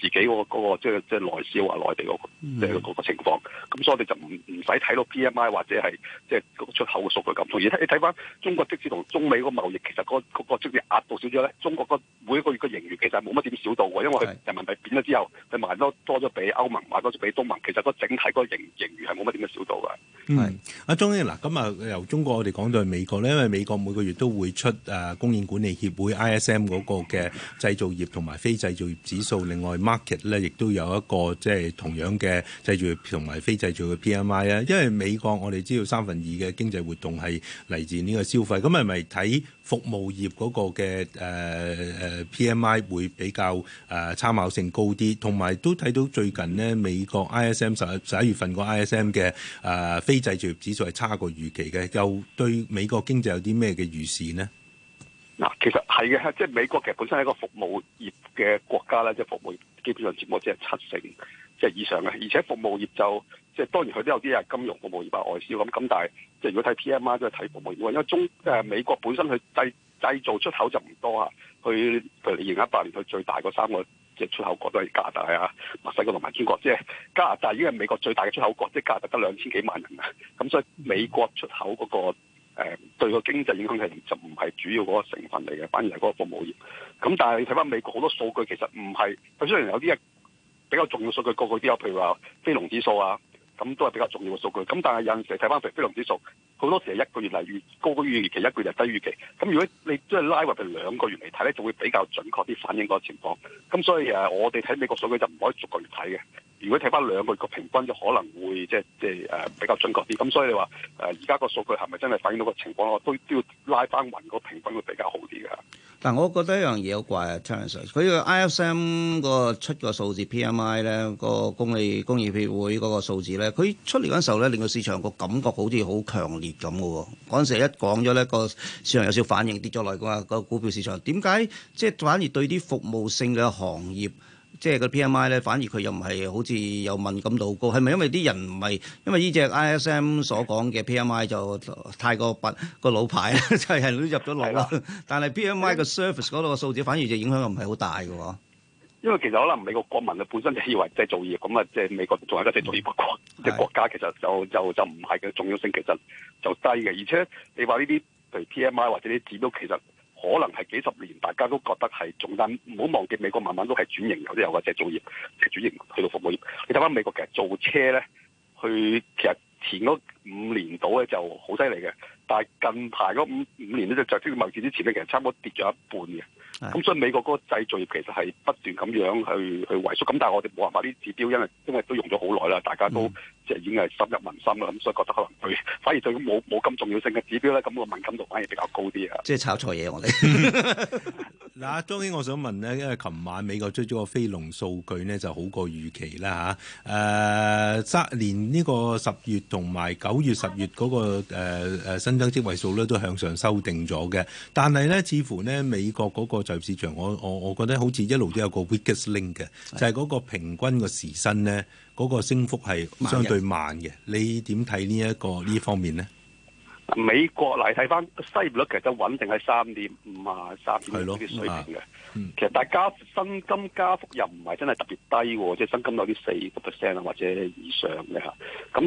自己個嗰個即係即係內銷啊、內地嗰個情況，咁、嗯、所以我哋就唔唔使睇到 P M I 或者係即係出口嘅數據咁重要。而睇睇翻中國即使同中美個貿易，其實個嗰個即使壓到少少咧，中國每一個月嘅盈餘其實冇乜點少到嘅，因為人民幣貶咗之後，佢賣多多咗俾歐盟，賣多咗俾東盟，其實個整體個盈盈餘係冇乜點嘅少到嘅。係阿鐘英嗱，咁、嗯、啊由中國我哋講到美國咧，因為美國每個月都會出誒供應管理協會 I S M 嗰個嘅製造業同埋非製造業指數，另外。Market 咧亦都有一個即係同樣嘅製造業同埋非製造業嘅 PMI 啊，因為美國我哋知道三分二嘅經濟活動係嚟自呢個消費，咁係咪睇服務業嗰個嘅誒誒、呃、PMI 會比較誒、呃、參考性高啲？同埋都睇到最近呢，美國 ISM 十十一月份個 ISM 嘅誒、呃、非製造業指數係差過預期嘅，又對美國經濟有啲咩嘅預示呢？嗱，其實係嘅，即係美國其實本身係一個服務業嘅國家咧，即係服務業基本上佔我只係七成即係以上嘅，而且服務業就即係當然佢都有啲係金融服務業，包括外銷咁。咁但係即係如果睇 PMI 啊，都係睇服務業，因為中誒、呃、美國本身佢製製造出口就唔多啊，佢佢而家百年佢最大嗰三個即係出口國都係加拿大啊、墨西哥同埋英國，即係加拿大已經係美國最大嘅出口國，即係加拿大得兩千幾萬人啊，咁所以美國出口嗰、那個。誒、呃、對個經濟影響係就唔係主要嗰個成分嚟嘅，反而係嗰個服務業。咁、嗯、但係你睇翻美國好多數據其實唔係，佢雖然有啲係比較重要數據個個都有，譬如話非農指數啊，咁、嗯、都係比較重要嘅數據。咁、嗯、但係有陣時睇翻佢非農指數，好多時係一個月嚟如高於預期，一個月就低於期。咁、嗯、如果你即係拉入去兩個月嚟睇咧，就會比較準確啲反映個情況。咁、嗯、所以誒、啊，我哋睇美國數據就唔可以逐個月睇嘅。如果睇翻兩個個平均，就可能會即係即係誒比較準確啲。咁所以你話誒而家個數據係咪真係反映到個情況？我都都要拉翻勻個平均會比較好啲嘅。但我覺得一樣嘢好怪啊，Charles，佢個 ISM 個出個數字 PMI 咧，PM 呢嗰個工業工業協會嗰個數字咧，佢出嚟嗰陣時候咧，令個市場個感覺好似好強烈咁嘅喎。嗰時一講咗呢，個市場有少反應跌咗落嚟㗎，個股票市場點解即係反而對啲服務性嘅行業？即係個 PMI 咧，反而佢又唔係好似有敏感度高，係咪因為啲人唔係因為呢隻 ISM 所講嘅 PMI 就太過個 老牌咧，就係入咗落啦？的但係 PMI 個 service 嗰度嘅數字反而就影響又唔係好大嘅。因為其實可能美國國民本身就以為即係做業，咁啊即係美國仲係得啲造業嘅國，即係的國家其實就就就唔係嘅重要性其實就低嘅。而且你話呢啲譬如 PMI 或者啲指都其實，可能係幾十年，大家都覺得係重擔。唔好忘記美國慢慢都係轉型，有啲有嘅，即係製造業，即係轉型去到服務業。你睇翻美國其實做車咧，去其實前嗰五年度咧就好犀利嘅，但係近排嗰五五年呢，就著於貿易戰之前咧，其實差唔多跌咗一半嘅。咁、嗯、所以美國嗰個製造業其實係不斷咁樣去去萎縮，咁但係我哋冇辦法啲指標，因為因為都用咗好耐啦，大家都即係已經係深入民心啦，咁所以覺得可能佢反而對冇冇咁重要性嘅指標咧，咁個敏感度反而比較高啲啊！即係炒錯嘢，我哋嗱， 當然我想問呢，因為琴晚美國追咗個非農數據呢，就好過預期啦吓，誒、呃，三連呢個十月同埋九月十月嗰、那個誒、呃、新增職位數咧都向上修訂咗嘅，但係呢，似乎呢美國嗰、那個在市場，我我我覺得好似一路都有個 weakest link 嘅，就係、是、嗰個平均個時薪咧，嗰、那個升幅係相對慢嘅。你點睇呢一個呢方面咧？美國嚟睇翻失業率，其實都穩定喺三點五啊，三點幾啲水平嘅。其實大家薪金加幅又唔係真係特別低喎，即係薪金有啲四個 percent 啊或者以上嘅吓。咁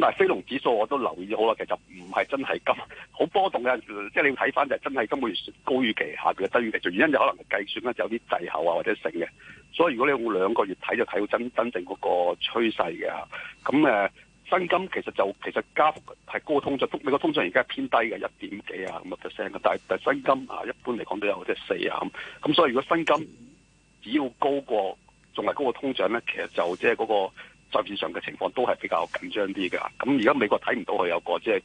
但係非農指數我都留意好啦，其實唔係真係咁好波動嘅，即係你要睇翻就真係今個月高於期，下月低於期，就原因就可能計算咧有啲滯後啊或者成嘅。所以如果你兩個月睇就睇到真真正嗰個趨勢嘅吓，咁誒。呃薪金其實就其實加幅係高通脹，美國通脹而家偏低嘅一點幾啊咁 percent 但係但係薪金啊一般嚟講都有即係四啊咁，咁所以如果薪金只要高過仲係高過通脹咧，其實就即係嗰、嗰個債券上嘅情況都係比較緊張啲嘅。咁而家美國睇唔到佢有個即係。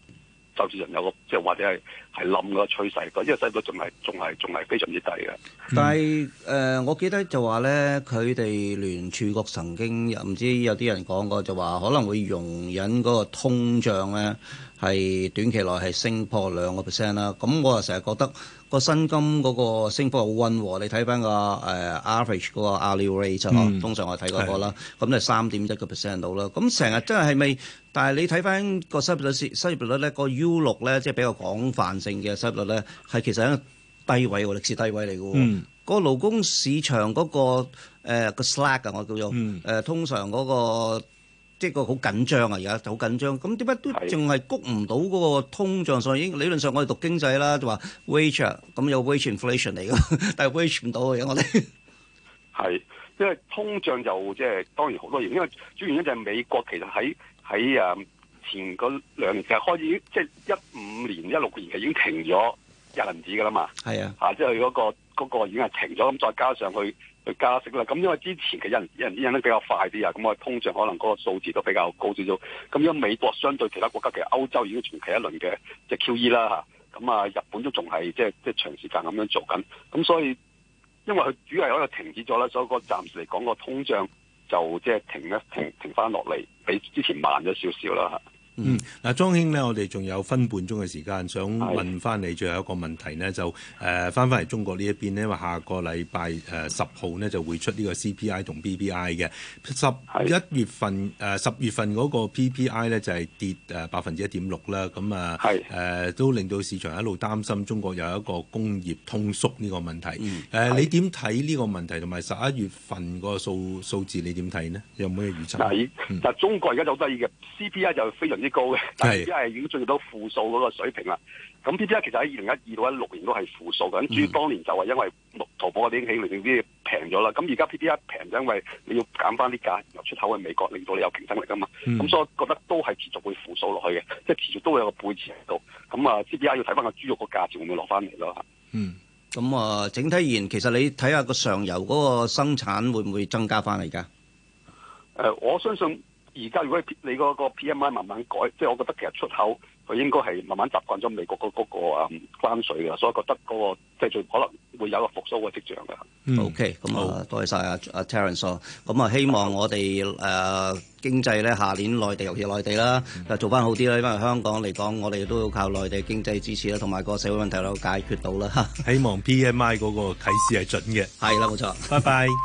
就市場有個即係或者係係冧個趨勢，因為細個仲係仲係仲係非常之低嘅。但係誒、呃，我記得就話咧，佢哋聯儲局曾經唔知有啲人講過，就話可能會容忍嗰個通脹咧係短期內係升破兩個 percent 啦。咁、啊、我又成日覺得。個薪金嗰個升幅好溫和，你睇翻個誒 average 嗰個 annual rate 通常我睇嗰、那個啦，咁 就三點一個 percent 到啦。咁成日真係係咪？但係你睇翻個失業率、失業率咧，那個 U 六咧，即、就、係、是、比較廣泛性嘅失業率咧，係其實喺低位喎，歷史低位嚟嘅喎。 個勞工市場嗰、那個誒、呃那個 slack 啊，我叫做誒、 呃，通常嗰、那個。即係個好緊張啊！而家就好緊張，咁點解都淨係谷唔到嗰個通脹上？已經是的 理論上我哋讀經濟啦，就話 wage 咁有 wage inflation 嚟㗎，但係 wage 唔到嘅，我哋係因為通脹就即、係、係當然好多嘢，因為主要原因就係美國其實喺喺誒前嗰兩年就開始，即係一五年一六年就已經停咗印銀紙㗎啦嘛。係是的 啊，嚇即係嗰個嗰、嗰個已經係停咗，咁再加上佢。去加息啦，咁因為之前嘅人輪啲人咧比較快啲啊，咁啊通脹可能嗰個數字都比較高少少。咁因為美國相對其他國家，其實歐洲已經傳奇一輪嘅即係 QE 啦嚇，咁啊日本都仲係即係即係長時間咁樣做緊，咁所以因為佢主要係停止咗啦，所以嗰暫時嚟講個通脹就即係停一停停翻落嚟，比之前慢咗少少啦嚇。嗯，嗱，莊兄咧，我哋仲有分半鐘嘅時，時間，想問翻你最後一個問題呢，就誒翻翻嚟中國呢一邊咧，因為下個禮拜誒十號呢，就會出呢個 CPI 同 PPI 嘅十一月份誒十月份嗰個 PPI 呢，就係跌誒百分之一點六啦，咁啊誒是、呃、都令到市場一路擔心中國有一個工業通縮呢個問題。誒你點睇呢個問題同埋十一月份個數數字？你點睇呢？有冇咩預測？但中國而家好得意嘅 CPI 就非常啲高嘅，是但係 P D A 已經進入到負數嗰個水平啦。咁 P D A 其實喺二零一二到一六年都係負數嘅。至於、嗯、當年就係因為淘寶嗰啲起，令到啲嘢平咗啦。咁而家 P D A 平，就因為你要減翻啲價，由出口去美國，令到你有競爭力噶嘛。咁、嗯、所以我覺得都係持續會負數落去嘅，即係持續都會有個背馳喺度。咁啊，P D A 要睇翻個豬肉個價錢會唔會落翻嚟咯？嗯，咁啊、呃，整體而言，其實你睇下個上游嗰個生產會唔會增加翻嚟噶？誒、呃，我相信。而家如果你嗰個 PMI 慢慢改，即係我覺得其實出口佢應該係慢慢習慣咗美國嗰個啊關稅嘅，所以覺得嗰、嗰個即係最可能會有個復甦嘅跡象㗎。嗯、OK，咁好啊，多謝晒啊 Terence，啊 Terence，咁啊希望我哋誒、啊、經濟咧下年內地尤其是內地啦，嗯、做翻好啲啦。因為香港嚟講，我哋都要靠內地經濟支持啦，同埋個社會問題都解決到啦。哈哈，希望 PMI 嗰個啟示係準嘅。係啦， 冇錯。拜拜。